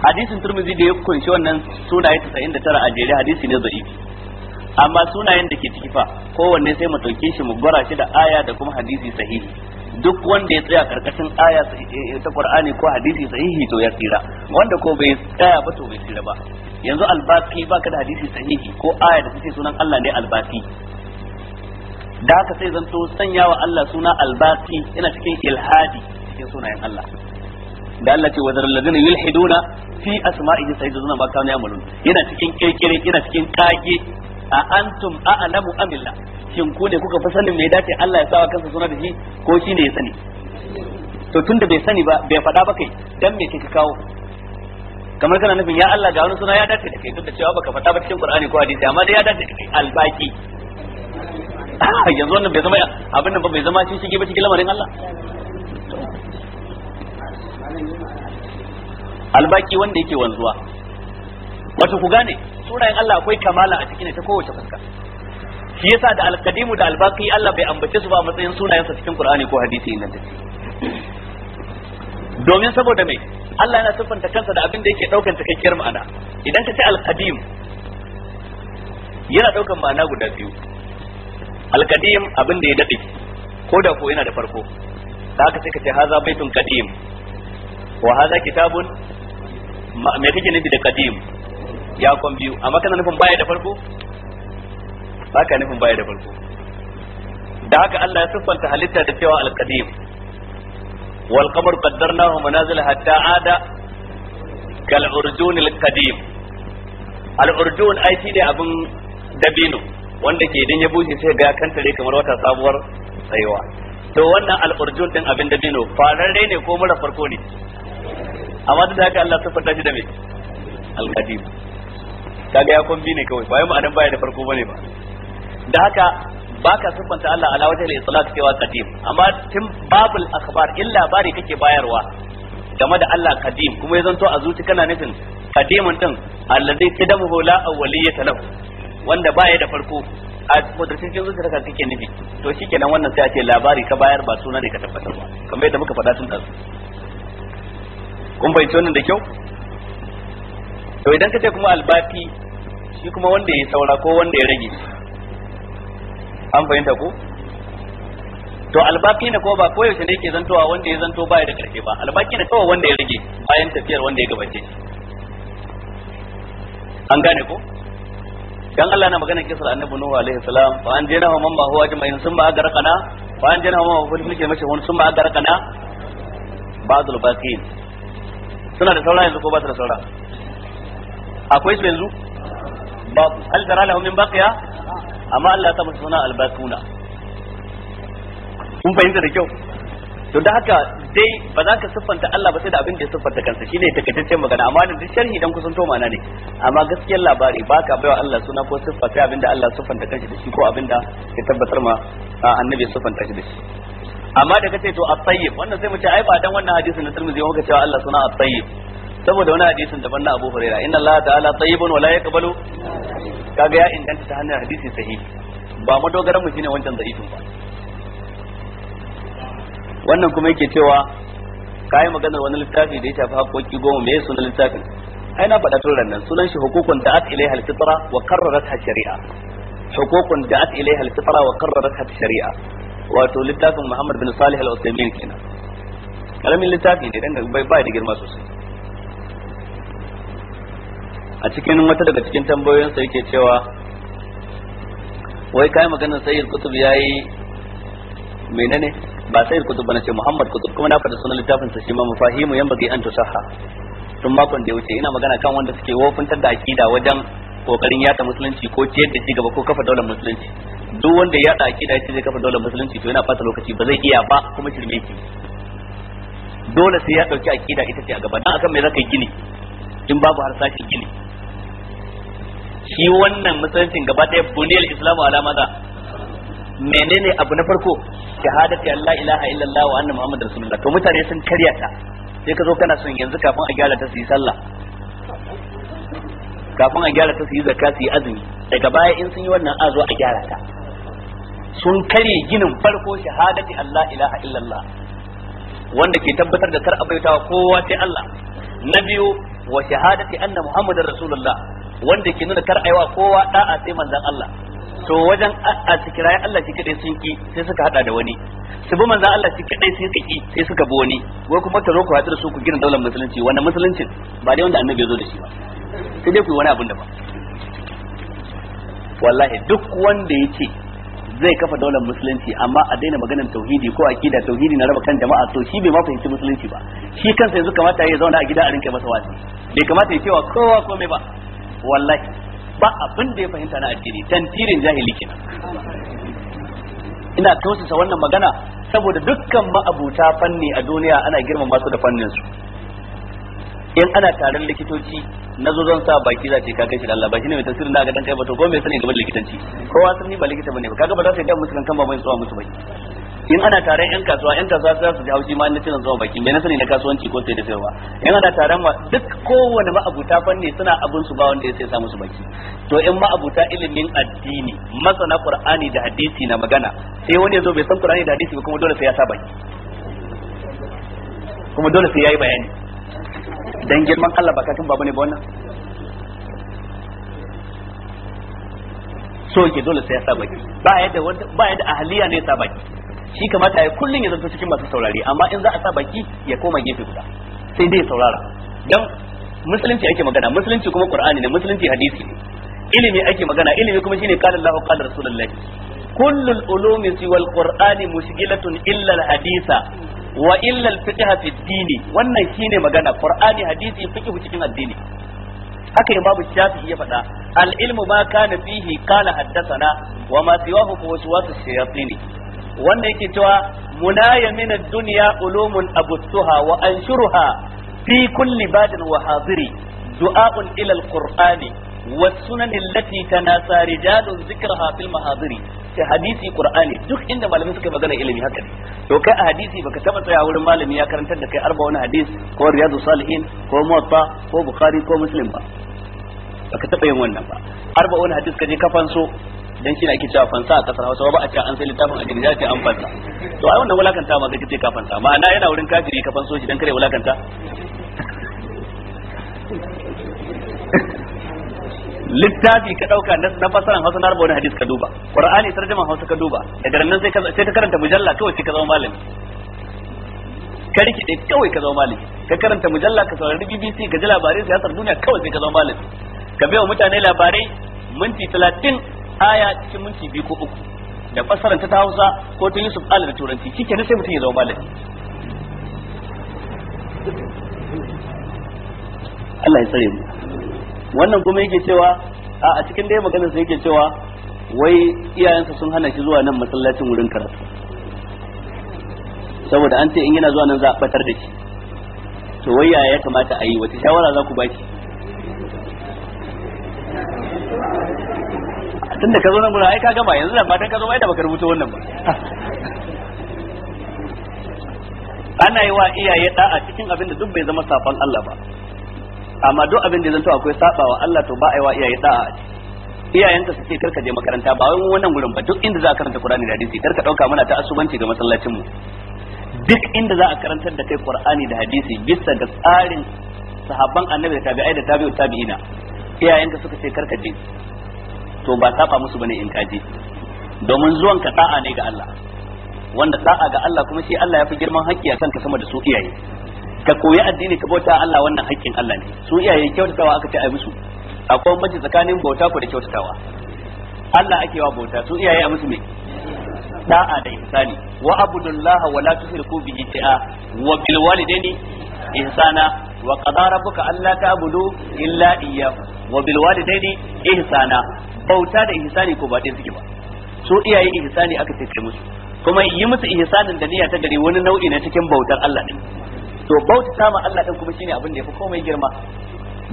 hadisin turmizi da ya kunshi wannan sunaye 99 a jere hadisi ne da'ifi amma sunayen da ke ciki fa kowanne sai mu dauke shi mu gwara shi da aya da kuma hadisi sahihi duk wanda ya tsaya karkashin aya eh, eh, ta Qur'ani ko hadisi sahihi to ya tsira wanda ko bai tsaya ba to bai tsira ba yanzu albaki baka da hadisi sahihi ko aya da take sunan Allah ne albaki da haka sai zanto sanya wa Allah suna albaqi ina cikin ilhadi cikin sunayen Allah da Allah ce wazar ladina yulhiduna fi asma'ihi sayyiduna ma ya mulun. yana cikin kirkire yana cikin kage a antum a'lamu amilla shin ku ne kuka fi sanin me dace Allah ya sa wa kansa suna da shi ko shi ne ya sani to tunda bai sani ba bai faɗa ba kai dan me kika kawo kamar kana nufin ya Allah ga wani suna ya dace da kai duk da cewa baka faɗa ba cikin Qur'ani ko hadisi amma dai ya dace da kai albaki yanzu wannan bai zama abin nan ba bai zama cikin shige ba cikin lamarin Allah albaki wanda yake wanzuwa wato ku gane sunayen Allah akwai kamala a cikin ta kowace fuska shi yasa da alqadimu da albaki Allah bai ambace su ba matsayin sunayensa cikin Qur'ani ko hadisi nan da domin saboda mai Allah yana siffanta kansa da abin da yake daukan cikakkiyar ma'ana idan ka ce alqadim yana daukan ma'ana guda biyu alqadim abin da ya dade ko da ko yana da farko da aka sai ka ce haza baitun qadim wa haza kitabun me kake nufi da qadim ya kwan biyu amma kana nufin baya da farko baka nufin baya da farko da haka Allah ya siffanta halitta da cewa alqadim wal qamar qaddarnahu manazil hatta ada kal urjun al qadim al urjun ai shine abin dabino wanda ke idan ya bushe sai ga kantare kamar wata sabuwar tsayuwa to wannan al'urjun din abin da bino fararre ne ko mura farko ne amma da haka Allah fada shi da me al-qadim kaga ya kun bi ne kawai bayan ma'anan baya da farko bane ba da haka baka siffanta Allah ala al itlaq cewa qadim amma tun babul akhbar illa bari kake bayarwa game da Allah qadim kuma ya zanto a zuci kana nufin qadimun din alladhi qadamuhu la awwaliyyata lahu wanda ba da farko a kudurcin cikin zuciya kan kake nufi to shikenan wannan sai a ce labari ka bayar ba suna da ka tabbatar ba kamar yadda muka faɗa tun ɗansu kun bai wannan da kyau to idan ka ce kuma albaki shi kuma wanda ya saura ko wanda ya rage an fahimta ko to albaki ne ko ba ko yaushe ne yake zantowa wanda ya zanto baya da karfe ba albaki ne kawai wanda ya rage bayan tafiyar wanda ya gabace an gane ko dan Allah na magana kisar annabi nuhu alaihi salam fa an jina wa man ba huwa jama'in sun ba garqana fa an jina wa man fil mulki mace hun sun ba garqana ba'dul baqin suna da saura yanzu ko ba su da saura akwai su yanzu ba hal tara lahum min baqiya amma Allah ta musuna suna albaquna kun fahimta da kyau to da haka dai ba za ka siffanta Allah ba sai da abin da ya siffanta kansa shi ne takaitaccen magana amma da duk sharhi dan kusan to na ne amma gaskiyar labari ba ka baiwa Allah suna ko siffa sai abin da Allah siffanta kansa da shi ko abin da ya tabbatar ma annabi ya siffanta shi da shi amma da kace to at-tayyib wannan sai mu ce ai ba dan wannan hadisin na Tirmidhi wanda cewa Allah suna at-tayyib saboda wani hadisin daban na Abu Hurairah inna Allah ta'ala tayyibun wa la yaqbalu kaga ya inganta ta hanyar hadisi sahihi ba madogaran mu shine wancan da'ifin ba wannan kuma yake cewa kayi maganar wani littafi da ya shafi haƙoƙi goma me sunan littafin ai na faɗa turan nan sunan shi hukukun da ilaiha al-fitra wa qarraratha shari'a hukukun da ilaiha al-fitra wa qarraratha shari'a wato littafin Muhammad bin Salih al-Utsaimin kenan karamin littafi ne dan bai bai da girma sosai a cikin wata daga cikin tambayoyin sa yake cewa wai kai maganar sayyid kutub yayi menene ba sai kutub bane ce Muhammad kutub kuma na faɗa sunan littafin sa shi ma mafahimu yan bagi an tusaha tun makon da wuce ina magana kan wanda suke wofuntar da akida wajen kokarin yata musulunci ko ciyar da cigaba ko kafa daular musulunci duk wanda ya daki da ya zai kafa daular musulunci to yana fata lokaci ba zai iya ba kuma shirme ki dole sai ya dauki akida ita ce a gaba dan akan me zaka yi gini in babu har sashi gini shi wannan musulunci gaba ɗaya buniyar islamu alama da menene abu na farko shahadati Allah ilaha illallah wa anna muhammad rasulullah to mutane sun karya ta sai ka zo kana son yanzu kafin a gyara ta su yi sallah kafin a gyara ta su yi zakka su yi azumi daga baya in sun yi wannan a zo a gyara ta sun karye ginin farko shahadati Allah ilaha illallah wanda ke tabbatar da kar a baitawa kowa sai Allah na biyu wa shahadati anna muhammadar rasulullah wanda ke nuna kar aiwa kowa da'a sai manzon Allah to wajen a cikin tikirayen Allah shi kadai sun ki sai suka hada da wani su bi manzan Allah shi kadai sun ki sai suka bi wani wai kuma ta roƙo hatar su ku gina daular musulunci wannan musuluncin ba dai wanda annabi ya zo da shi ba sai dai ku yi wani abin da ba wallahi duk wanda ya ce zai kafa daular musulunci amma a daina maganar tauhidi ko akida tauhidi na raba kan jama'a to shi bai ma fahimci musulunci ba shi kansa yanzu kamata ya zauna a gida a rinke masa wasi bai kamata ya cewa kowa me ba wallahi ba abin da ya fahimta na addini tantirin jahili kenan ina tausasa wannan magana saboda dukkan ma'abuta fanni a duniya ana girmama su da fannin su in ana taron likitoci na zo zan sa baki za ce ka kai shi da Allah ba shine mai tafsirin da aka dan kai ba to me sani game da likitanci kowa sun yi ba likita bane ba kaga ba za su yi da musu kan ba mai tsowa musu bai in ana taron yan kasuwa yan kasuwa za su ji haushi ma na cin zuwa baki me na sani na kasuwanci ko sai da sayarwa in ana taron ma duk kowane ma'abuta fanni suna abin su ba wanda ya sai sa musu baki to in ma'abuta ilimin addini masana qur'ani da hadisi na magana sai wani yazo bai san qur'ani da hadisi ba kuma dole sai ya sa baki kuma dole sai yayi bayani dan girman Allah ba tun babu ne ba wannan so ke dole sai ya sa baki ba yadda ba yadda ahliya ne ya sa baki shi kamata ya kullun ya zanto cikin masu saurare amma in za a sa baki ya koma gefe guda sai dai saurara dan musulunci ake magana musulunci kuma qur'ani ne musulunci hadisi ne ilimi ake magana ilimi kuma shine qala Allahu qala rasulullahi kullul ulumi siwal qur'ani mushkilatun illa al hadisa wa illa al-fiqh fi dini wannan shine magana qur'ani hadisi fiqh cikin addini haka imamu shafi'i ya faɗa al-ilmu ma kana fihi qala haddathana wa ma siwahu fa waswasu shayatin wanda yake cewa munaya min ad-dunya ulumun abuttuha wa anshuruha fi kulli badin wa hadiri du'a'un ila al-qur'ani wa sunan allati tanasa rijalun dhikraha fil mahadiri sai hadisi qur'ani duk inda malamin suka magana ilimi haka ne to kai a hadisi baka taba tsaya wurin malami ya karantar da kai arba wani hadis ko riyadu salihin ko muwatta ko bukhari ko muslim ba baka taba yin wannan ba arba wani hadis kaje kafan so dan shi ne ake cewa fansa a kasar Hausa ba a cewa an sai littafin a girja ce an fansa to ai wannan wulakanta ma sai kace ka fansa ma'ana yana wurin kafiri ka fanso shi dan kare wulakanta littafi ka dauka na fasaran Hausa na wani hadisi ka duba Qur'ani tarjuman Hausa ka duba daga nan sai ka sai ka karanta mujalla kawai sai ka zama malami kariki dai kawai ka zama malami ka karanta mujalla ka saurari BBC ka ji labarai siyasar duniya kawai sai ka zama malami ka bai wa mutane labarai minti talatin aya cikin minti biyu ko uku da fasaran ta Hausa ko ta Yusuf Ali da Turanci kike ne sai mutum ya zama malami Allah ya tsare mu wannan kuma yake cewa a cikin dai maganar sa yake cewa wai iyayensa sun hana shi zuwa nan masallacin wurin karatu saboda an ce in yana zuwa nan za a batar da shi to wai yaya ya kamata a yi wata shawara za ku shi? tunda ka zo nan gurin ai ka gama yanzu nan ba dan ka zo ai da baka rubuta wannan ba ana yi wa iyaye a cikin abin da duk bai zama safan Allah ba amma duk abin da zanto akwai sabawa Allah to ba ai yi wa iyaye da iyayenka su ce karka je makaranta ba wai wannan gurin ba duk inda za ka karanta Qur'ani da hadisi karka dauka muna ta asubanci ga masallacin mu duk inda za a karantar da kai Qur'ani da hadisi bisa ga tsarin sahabban annabi da tabi'ai da tabi'u tabi'ina iyayenka suka ce karka je to ba saba musu bane in kaje domin zuwan ka sa'a ne ga Allah wanda sa'a ga Allah kuma shi Allah ya fi girman haƙƙi akan ka sama da su iyaye ka koyi addini ka bauta Allah wannan haƙƙin Allah ne su iyaye kyautatawa aka ce ai musu akwai bambanci tsakanin bauta ko da kyautatawa Allah ake wa bauta su iyaye a musu me da'a da ihsani wa abudullah wa la tusriku bihi ta'a wa bil walidaini ihsana wa qadara rabbuka alla ta'budu illa iyyahu wa bil walidaini ihsana bauta da ihsani ko ba ɗaya suke ba so iyaye ihsani aka ce musu kuma yi musu ihsanin da niyya ta gari wani nau'i ne cikin bautar Allah din to bauta ma Allah din kuma shine abin da yafi komai girma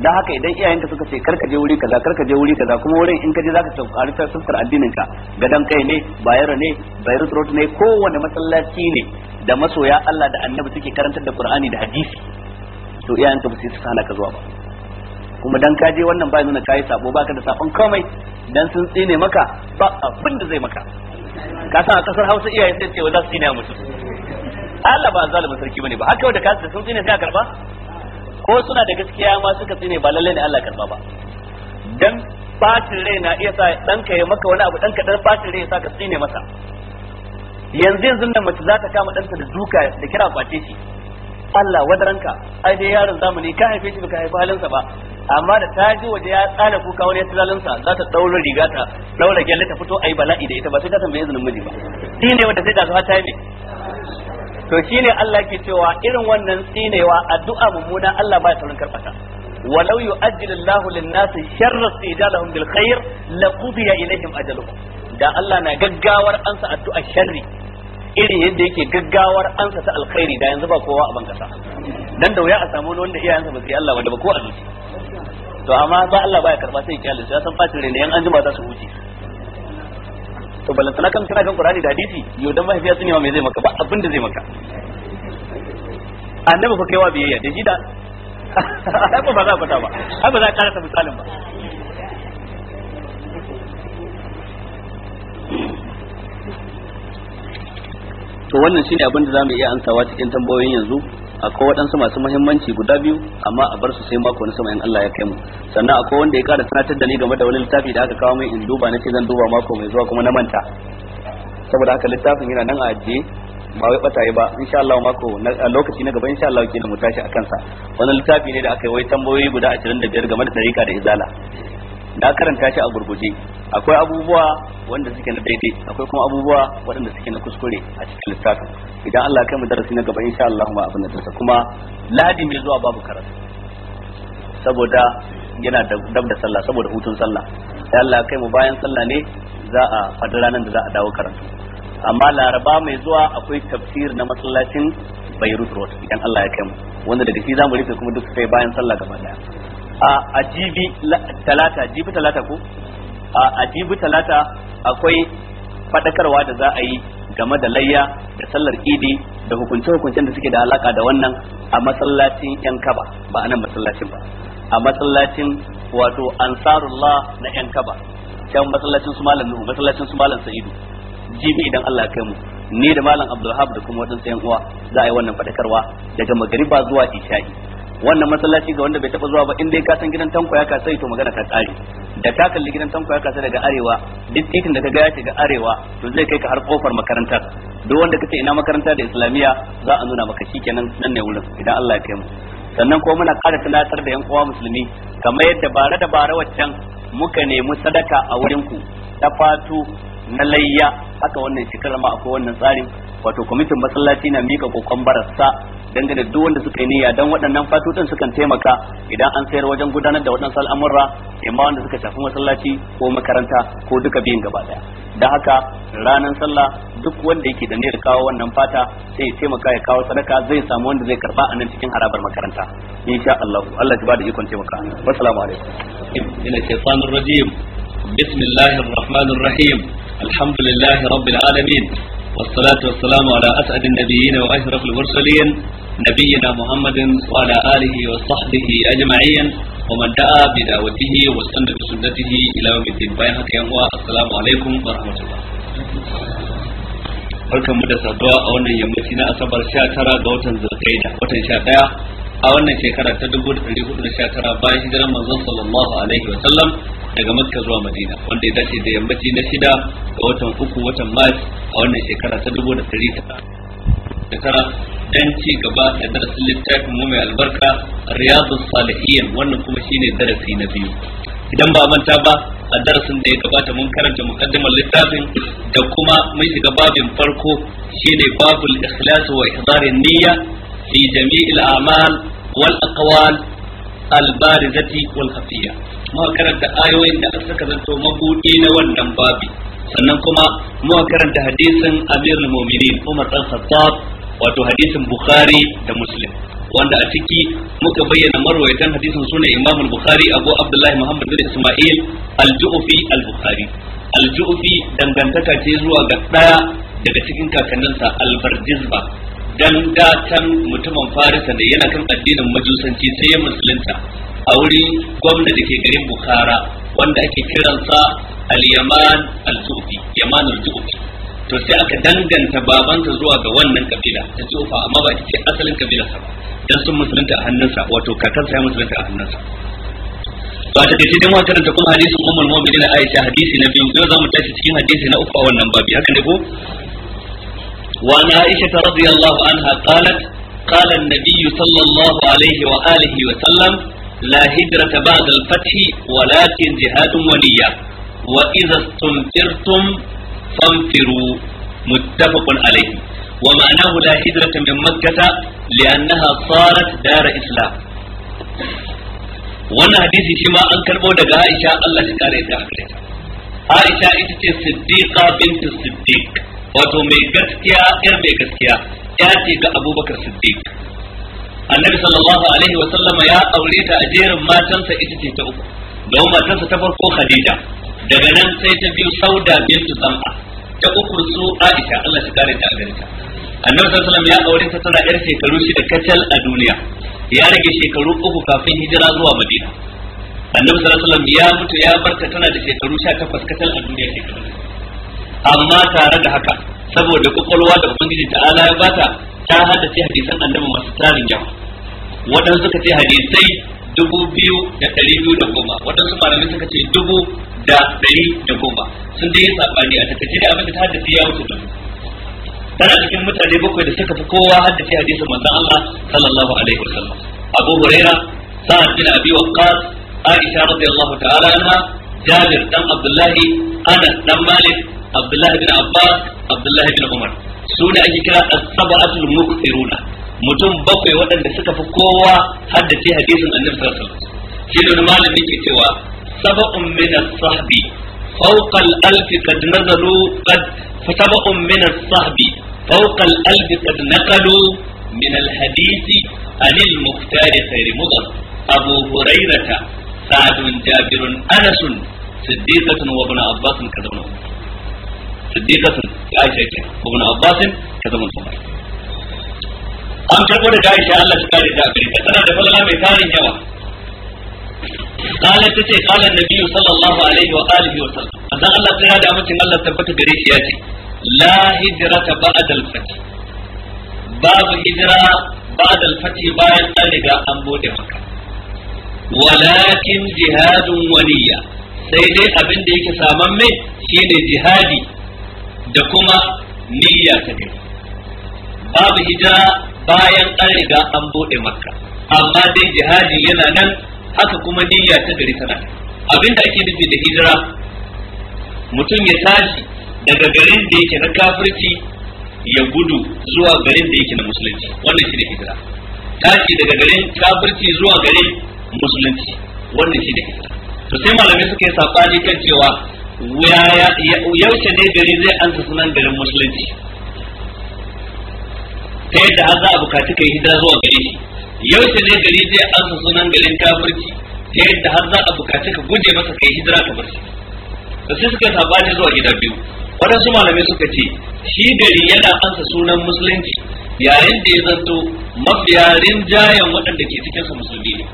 dan haka idan iyayenka suka ce karka je wuri kaza karka je wuri kaza kuma wurin in ka je zaka saukari ta suntar addinin ka gadan kai ne bayero ne bayrut road ne kowanne masallaci ne da masoya Allah da annabi suke karantar da Qur'ani da hadisi to iyayenka ba su hana ka zuwa ba kuma dan ka je wannan ba nuna kai sabo baka da sabon komai dan sun tsine maka ba abin da zai maka ka san a kasar Hausa iyaye sai ce za su tsine mutu. Allah ba zalimin sarki bane ba haka wanda ka sun tsine sai karba ko suna da gaskiya ma suka tsine ba lalle ne Allah karba ba dan bacin rai na iya sa danka ya maka wani abu danka dan bacin rai ya sa ka tsine masa yanzu yanzu nan mace za ta kama ɗanta da duka da kira kwace shi Allah wadaranka ai dai yaron zamani ka haife shi ka haifi halinsa ba amma da ta ji waje ya tsana kuka wani ya ci zalunsa za ta daura riga ta daura gyalle ta fito ayi bala'i da ita ba sai ta tambaye izinin miji ba shi ne wanda sai ta zuwa ta yi to shine Allah ke cewa irin wannan tsinewa addu'a mummuna Allah ba ya saurin karɓata ولو يؤجل الله للناس شر استئجالهم بالخير لقضي اليهم اجلهم da Allah na gaggawar ansa addu'a sharri irin yadda yake gaggawar ansa ta alkhairi da yanzu ba kowa a bankasa dan da wuya a samu wanda iyayensa ba su yi Allah wanda ba ko a zuci to amma ba Allah baya karba sai kyalin ya san fatin rene yan anjima za su huce to balantana kan kana kan Qur'ani da hadisi yau dan mahaifiya sun yawa me zai maka ba abin da zai maka annabi fa kaiwa biyayya da jida haka ba za a fata ba haka ba za a karanta misalin ba to wannan shine abin da zamu iya ansawa cikin tambayoyin yanzu akwai waɗansu masu muhimmanci guda biyu amma a bar su sai mako na sama in Allah ya kai mu sannan akwai wanda ya kara sanatar da ni game da wani littafi da aka kawo min in duba na zan duba mako mai zuwa kuma na manta saboda haka littafin yana nan a ajiye ba wai bataye ba insha Allah mako a lokaci na gaba insha Allah kina mu tashi akan sa wannan littafi ne da aka yi wai tambayoyi guda 25 game da tarika da izala na karanta shi a gurguje akwai abubuwa wanda suke na daidai akwai kuma abubuwa waɗanda suke na kuskure a cikin littafin idan Allah ya kai mu darasi na gaba insha Allah ma abin da kuma ladi mai zuwa babu karatu saboda yana dab da sallah saboda hutun sallah sai Allah ya kai mu bayan sallah ne za a fadi ranar da za a dawo karatu amma laraba mai zuwa akwai tafsir na masallacin Beirut Road idan Allah ya kaimu mu wanda daga shi zamu rufe kuma duk sai bayan sallah gaba daya a jibi talata jibi talata ko a jibi talata akwai fadakarwa da za a yi game da layya da sallar idi da hukunce-hukuncen da suke da alaka da wannan a masallacin yan kaba ba a nan masallacin ba a masallacin wato ansarullah na yan kaba can masallacin su malam nuhu masallacin su malam sa'idu jibi idan Allah kai mu ni da malam abdulhab da kuma wadansu yan uwa za a yi wannan fadakarwa daga magariba zuwa isha'i wannan masallaci ga wanda bai taba zuwa ba in dai ka san gidan tanko ya kasa to magana ta tsari da ka kalli gidan tanko ya kasa daga arewa duk titin da ka ga ya shiga arewa to zai kai ka har kofar makarantar duk wanda kace ina makaranta da islamiya za a nuna maka shikenan nan ne wurin idan Allah ya kai mu sannan ko muna ƙara tunatar da yan uwa musulmi kamar yadda bare da bare waccan muka nemi sadaka a wurin ku ta fatu na layya haka wannan shekarar ma akwai wannan tsarin wato kwamitin masallaci na mika kokon barasa dangane duk wanda suka yi niyya dan waɗannan fatutun sukan taimaka idan an sayar wajen gudanar da waɗansu al'amura imma wanda suka shafi masallaci ko makaranta ko duka biyun gaba daya da haka ranar sallah duk wanda yake da niyyar kawo wannan fata sai taimaka ya kawo sadaka zai samu wanda zai karba a nan cikin harabar makaranta insha Allah Allah ya bada ikon taimaka assalamu alaikum ina shaytanir rajim bismillahir rahmanir rahim alhamdulillahi rabbil alamin والصلاة والسلام على أسعد النبيين وأشرف المرسلين نبينا محمد وعلى آله وصحبه أجمعين ومن دعا بدعوته واستنى بسنته إلى يوم الدين باين السلام عليكم ورحمة الله barkan mu da saduwa a wannan yammaci na asabar 19 ga watan zulqaida watan 11 a wannan shekara ta 1419 bayan hijiran manzon sallallahu alaihi wa sallam daga makka zuwa madina wanda ya dace da yammaci na shida ga watan uku watan mars a wannan shekara ta da tara dan ci gaba da darasin littafin mu mai albarka riyadus salihin wannan kuma shine darasi na biyu idan ba manta ba a darasin da ya gabata mun karanta mukaddimar littafin da kuma mun shiga babin farko shine babul ikhlas wa ihdar niyya fi jami'il a'mal wal aqwal al barizati wal khafiya muka karanta ayoyin da suka zanto mabudi na wannan babi sannan kuma muka karanta hadisin amirul mu'minin Umar dan Khattab wato hadisin Bukhari da Muslim wanda a ciki muka bayyana marwayatan hadisin suna Imam al Abu abdullahi Muhammad bin Isma'il al-Ju'fi al-Bukhari al dangantaka ce zuwa ga daya daga cikin kakanninsa al dan datan mutumin farisa da yana kan addinin majusanci sai ya musulunta a wurin gwamna da ke garin bukhara wanda ake kiransa al-yaman al-sufi yaman al-sufi to sai aka danganta babansa zuwa ga wannan kabila ta tsofa amma ba ita ce asalin kabila sa dan sun musulunta a hannunsa wato kakansa ya musulunta a hannunsa ba ta kace dan wannan karanta kuma hadisin ummul mu'minin Aisha hadisi na biyu yau mu tashi cikin hadisi na uku a wannan babi haka ne ko وعن عائشة رضي الله عنها قالت قال النبي صلى الله عليه وآله وسلم لا هجرة بعد الفتح ولكن جهاد ولية وإذا استنفرتم فانفروا متفق عليه ومعناه لا هجرة من مكة لأنها صارت دار إسلام wannan hadisi shi ma an karbo daga Aisha Allah shi kare ta Aisha ita ce Siddiqa binti Siddiq wato mai gaskiya yar mai gaskiya ya ce ga abubakar siddiq annabi sallallahu alaihi wa sallama ya aure ta a jerin matansa ita ce ta uku don matansa ta farko khadija daga nan sai ta biyu sauda bintu zam'a ta uku su aisha Allah shi kare ta a gare ta annabi sallallahu alaihi ya aure ta tana yar shekaru shida kacal a duniya ya rage shekaru uku kafin hijira zuwa madina annabi sallallahu alaihi ya mutu ya barta tana da shekaru 18 kacal a duniya shekaru amma tare da haka saboda kwakwalwa da ubangiji ta'ala ya bata ta haddace hadisan annabi masu tarin yawa waɗansu suka ce hadisai dubu biyu da ɗari biyu da goma waɗansu malamai suka ce dubu da ɗari da goma sun dai yi saɓani a takaice da abin da ta haddace ya wuce dubu tana cikin mutane bakwai da suka fi kowa haddace hadisan manzon Allah sallallahu alaihi wasallam Abu Huraira Sa'ad bin Abi Waqqas Aisha radiyallahu ta'ala anha جابر دم عبد الله انا دم مالك عبد الله بن عباس عبد الله بن عمر سوني ايجي كرا السبعة المكثرون متم بقى ودن دسكة في قوة حد في حديث النبي صلى الله عليه وسلم في دون مالك سبع من الصحب فوق الالف قد نزلوا قد فسبع من الصحب فوق الالف قد نقلوا من الحديث عن المختار خير مضر أبو هريرة سعد بن جابر أنس siddiqatun wa ibn abbas kaza ibn umar siddiqatun ya aisha ke ibn abbas kaza ibn umar an karbo da aisha Allah ta da mai tarin yawa تتي قال النبي صلى الله عليه وآله وسلم أن الله تعالى أمتن الله تبت قريش ياتي لا هجرة بعد الفتح باب هجرة بعد الفتح باين ألقى أمود مكة ولكن جهاد ونية sai dai abin da yake samamme shine jihadi da kuma niyya ta gari babu hijira bayan an riga an bude makka amma dai jihadi yana nan haka kuma niyya ta gari tana abin da ake nufi da hijira mutum ya tashi daga garin da yake na kafirci ya gudu zuwa garin da yake na musulunci wannan shi ne hijira tashi daga garin kafirci zuwa garin musulunci wannan shi ne hijira to sai malamai suka yi sabani kan cewa yaushe ne gari zai ansa sunan garin musulunci ta yadda har za a bukaci kai hijira zuwa gare shi yaushe ne gari zai ansa sunan garin kafirci ta yadda har za a bukaci ka guje masa kai hijira ka bar to sai suka sabani zuwa gida biyu waɗansu malamai suka ce shi gari yana ansa sunan musulunci yayin da ya zanto mafiya rinjayen waɗanda ke cikinsa musulmi ne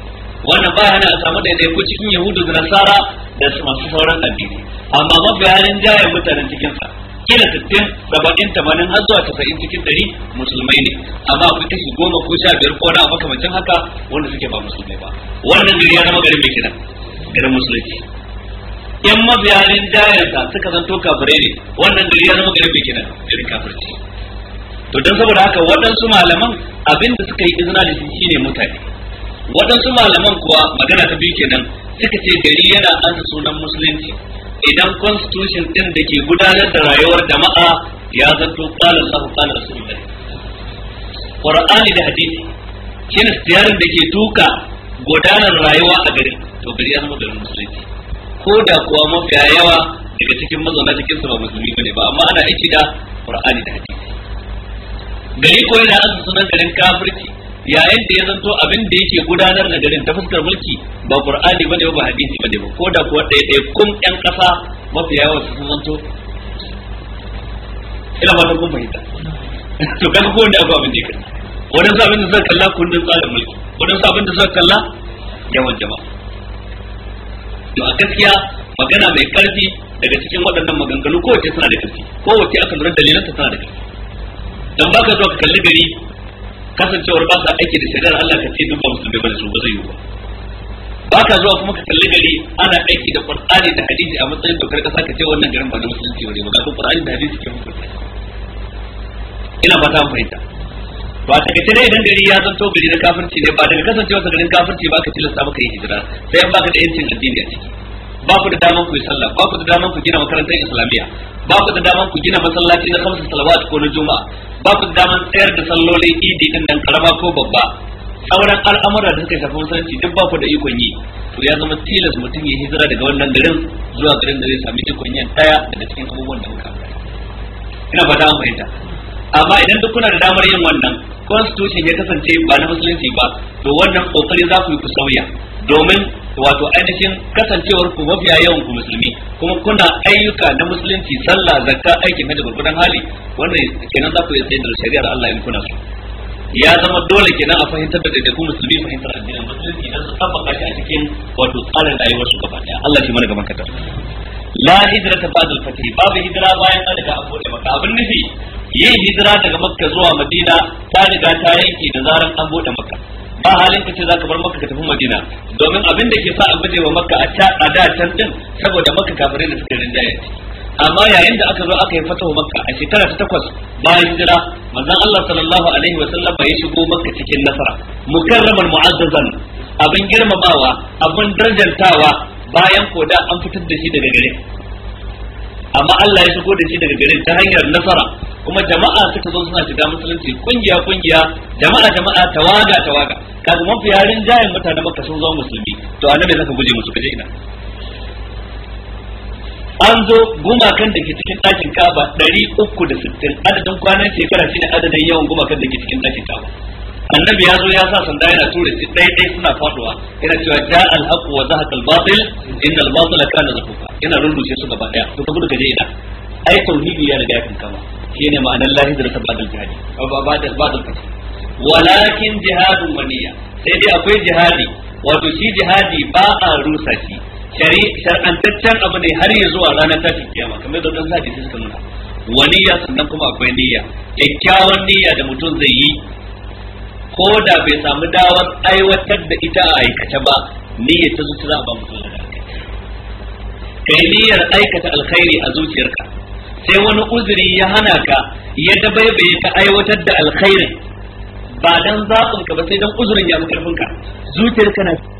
wannan ba hana a samu ku cikin yahudu da nasara da masu sauran addini amma mabiyanin jaya mutanen cikinsa kila sittin saba'in tamanin har zuwa tasa'in cikin dari, musulmai ne amma akwai kashi goma ko sha biyar ko na makamancin haka wanda suke ba musulmai ba wannan gari ya zama garin mai kina garin musulunci in mabiyanin sa suka zanto kafirai ne wannan gari ya zama garin mai kiran garin kafirci to don saboda haka waɗansu malaman abinda suka yi izina da shi shine mutane waɗansu malaman kuwa magana ta biyu kenan suka ce gari yana ansa sunan musulunci idan constitution din da ke gudanar da rayuwar jama'a ya zanto qala Allahu qala rasulullah Qur'ani da hadisi ne siyarin da ke tuka gudanar rayuwa a gari to gari ya zama garin musulunci ko da kuwa mafiya yawa daga cikin mazauna cikin su ba musulmi bane ba amma ana aiki da Qur'ani da hadisi gari ko yana ansa sunan garin kafirci yayin da ya zanto abin da yake gudanar da garin ta fuskar mulki ba qur'ani bane ba hadisi bane ba ko da kuwa ɗaya ɗaya kun ƴan ƙasa mafi yawa su sun zanto ina ba ta kun fahimta to kan ko wanda abu abin da yake wannan sabin abin da zaka kalla kundin tsarin mulki wannan sabin abin da zaka kalla yawan jama'a to a gaskiya magana mai karfi daga cikin waɗannan maganganu kowace suna da ƙarfi, kowace aka lura dalilanta suna da ƙarfi. dan baka zo ka kalli gari kasancewar ba sa aiki da shari'ar Allah ka ce duka ba bane su ba zai yi ba ba ka zuwa kuma ka kalli gari ana aiki da qur'ani da hadisi a matsayin dokar kasa ka ce wannan garin ba na musulunci bane ba ga qur'ani da hadisi ke hukunta ina ba ta fahimta ba ta kace ne idan gari ya zanto gari na kafirci ne ba daga kasancewa garin kafirci ba ka tilasta maka yi hijira sai an baka da yancin addini a ciki ba ku da daman ku yi sallah ba ku da daman ku gina makarantar islamiyya ba ku da daman ku gina masallaci na kamsa salawat ko na juma'a ba ku da daman tsayar da sallolin idi din nan karama ko babba sauran al'amura da suka shafi musulunci duk ba ku da ikon yi to ya zama tilas mutum ya hijira daga wannan garin zuwa garin da zai sami ikon yin daya daga cikin abubuwan da muka ina fata an fahimta amma idan duk kuna da damar yin wannan constitution ya kasance ba na musulunci ba to wannan kokari za ku yi ku sauya domin wato ainihin kasancewar ku mafiya yawan ku musulmi kuma kuna ayyuka na musulunci sallah zakka aikin hajji gurgudan hali wannan kenan za ku iya sayar da shari'ar Allah in kuna so ya zama dole kenan a fahimtar da daidaikun musulmi fahimtar addinin musulunci idan su tabbata shi a cikin wato tsarin rayuwar su gaba daya Allah shi mana gaban kadar la ta ba'da al fatih babu hijira bayan an daga abu da maka abin nufi yin hijira daga makka zuwa madina ta riga ta yanke da zaran an bude maka ba halin ka ce zaka bar makka ka tafi madina domin abin da ke sa a guje wa makka a a da can din saboda makka kafirai da suka rinjaye amma yayin da aka zo aka yi fatahu makka a shekara ta takwas bayan jira manzon Allah sallallahu alaihi wa sallam ya shigo makka cikin nasara mukarraman mu'azzazan abin girmamawa abin darajantawa bayan koda an fitar da shi daga gare amma Allah ya shigo da shi daga garin ta hanyar nasara kuma jama'a suka zo suna shiga musulunci kungiya kungiya jama'a jama'a tawaga tawaga kaga mafi yarin jayin mutanen Makka sun zo musulmi to annabi zaka guje musu kaje ina an zo gumakan da ke cikin ɗakin kaba 360 adadin kwanan shekara shine adadin yawan gumakan da ke cikin ɗakin kaba. annabi ya zo ya sa sanda yana tura shi dai dai suna faduwa yana cewa ja al haq wa zahaqa al batil innal batila kana zakuka yana rubuce su gaba daya to kuma da je ina ai tauhidi ya riga ya kama shine ma'anar lahi da sabad badal jihadi ba da ba da fati walakin jihadu maniya sai dai akwai jihadi wato shi jihadi ba a rusa shi shar'antaccen abu ne har ya zuwa ranar tashin kiyama kamar da dan ji suka nuna waniya sannan kuma akwai niyya kyakkyawan niyya da mutum zai yi ko da bai samu dawar aiwatar da ita a aikace ba niyyar ta zuci ba mutum da kai niyyar aikata alkhairi a zuciyarka sai wani uzuri ya hana ka ya dabaibaye ka aiwatar da alkhairin ba dan zaɓin ka ba sai dan uzurin ya fi karfin ka zuciyarka na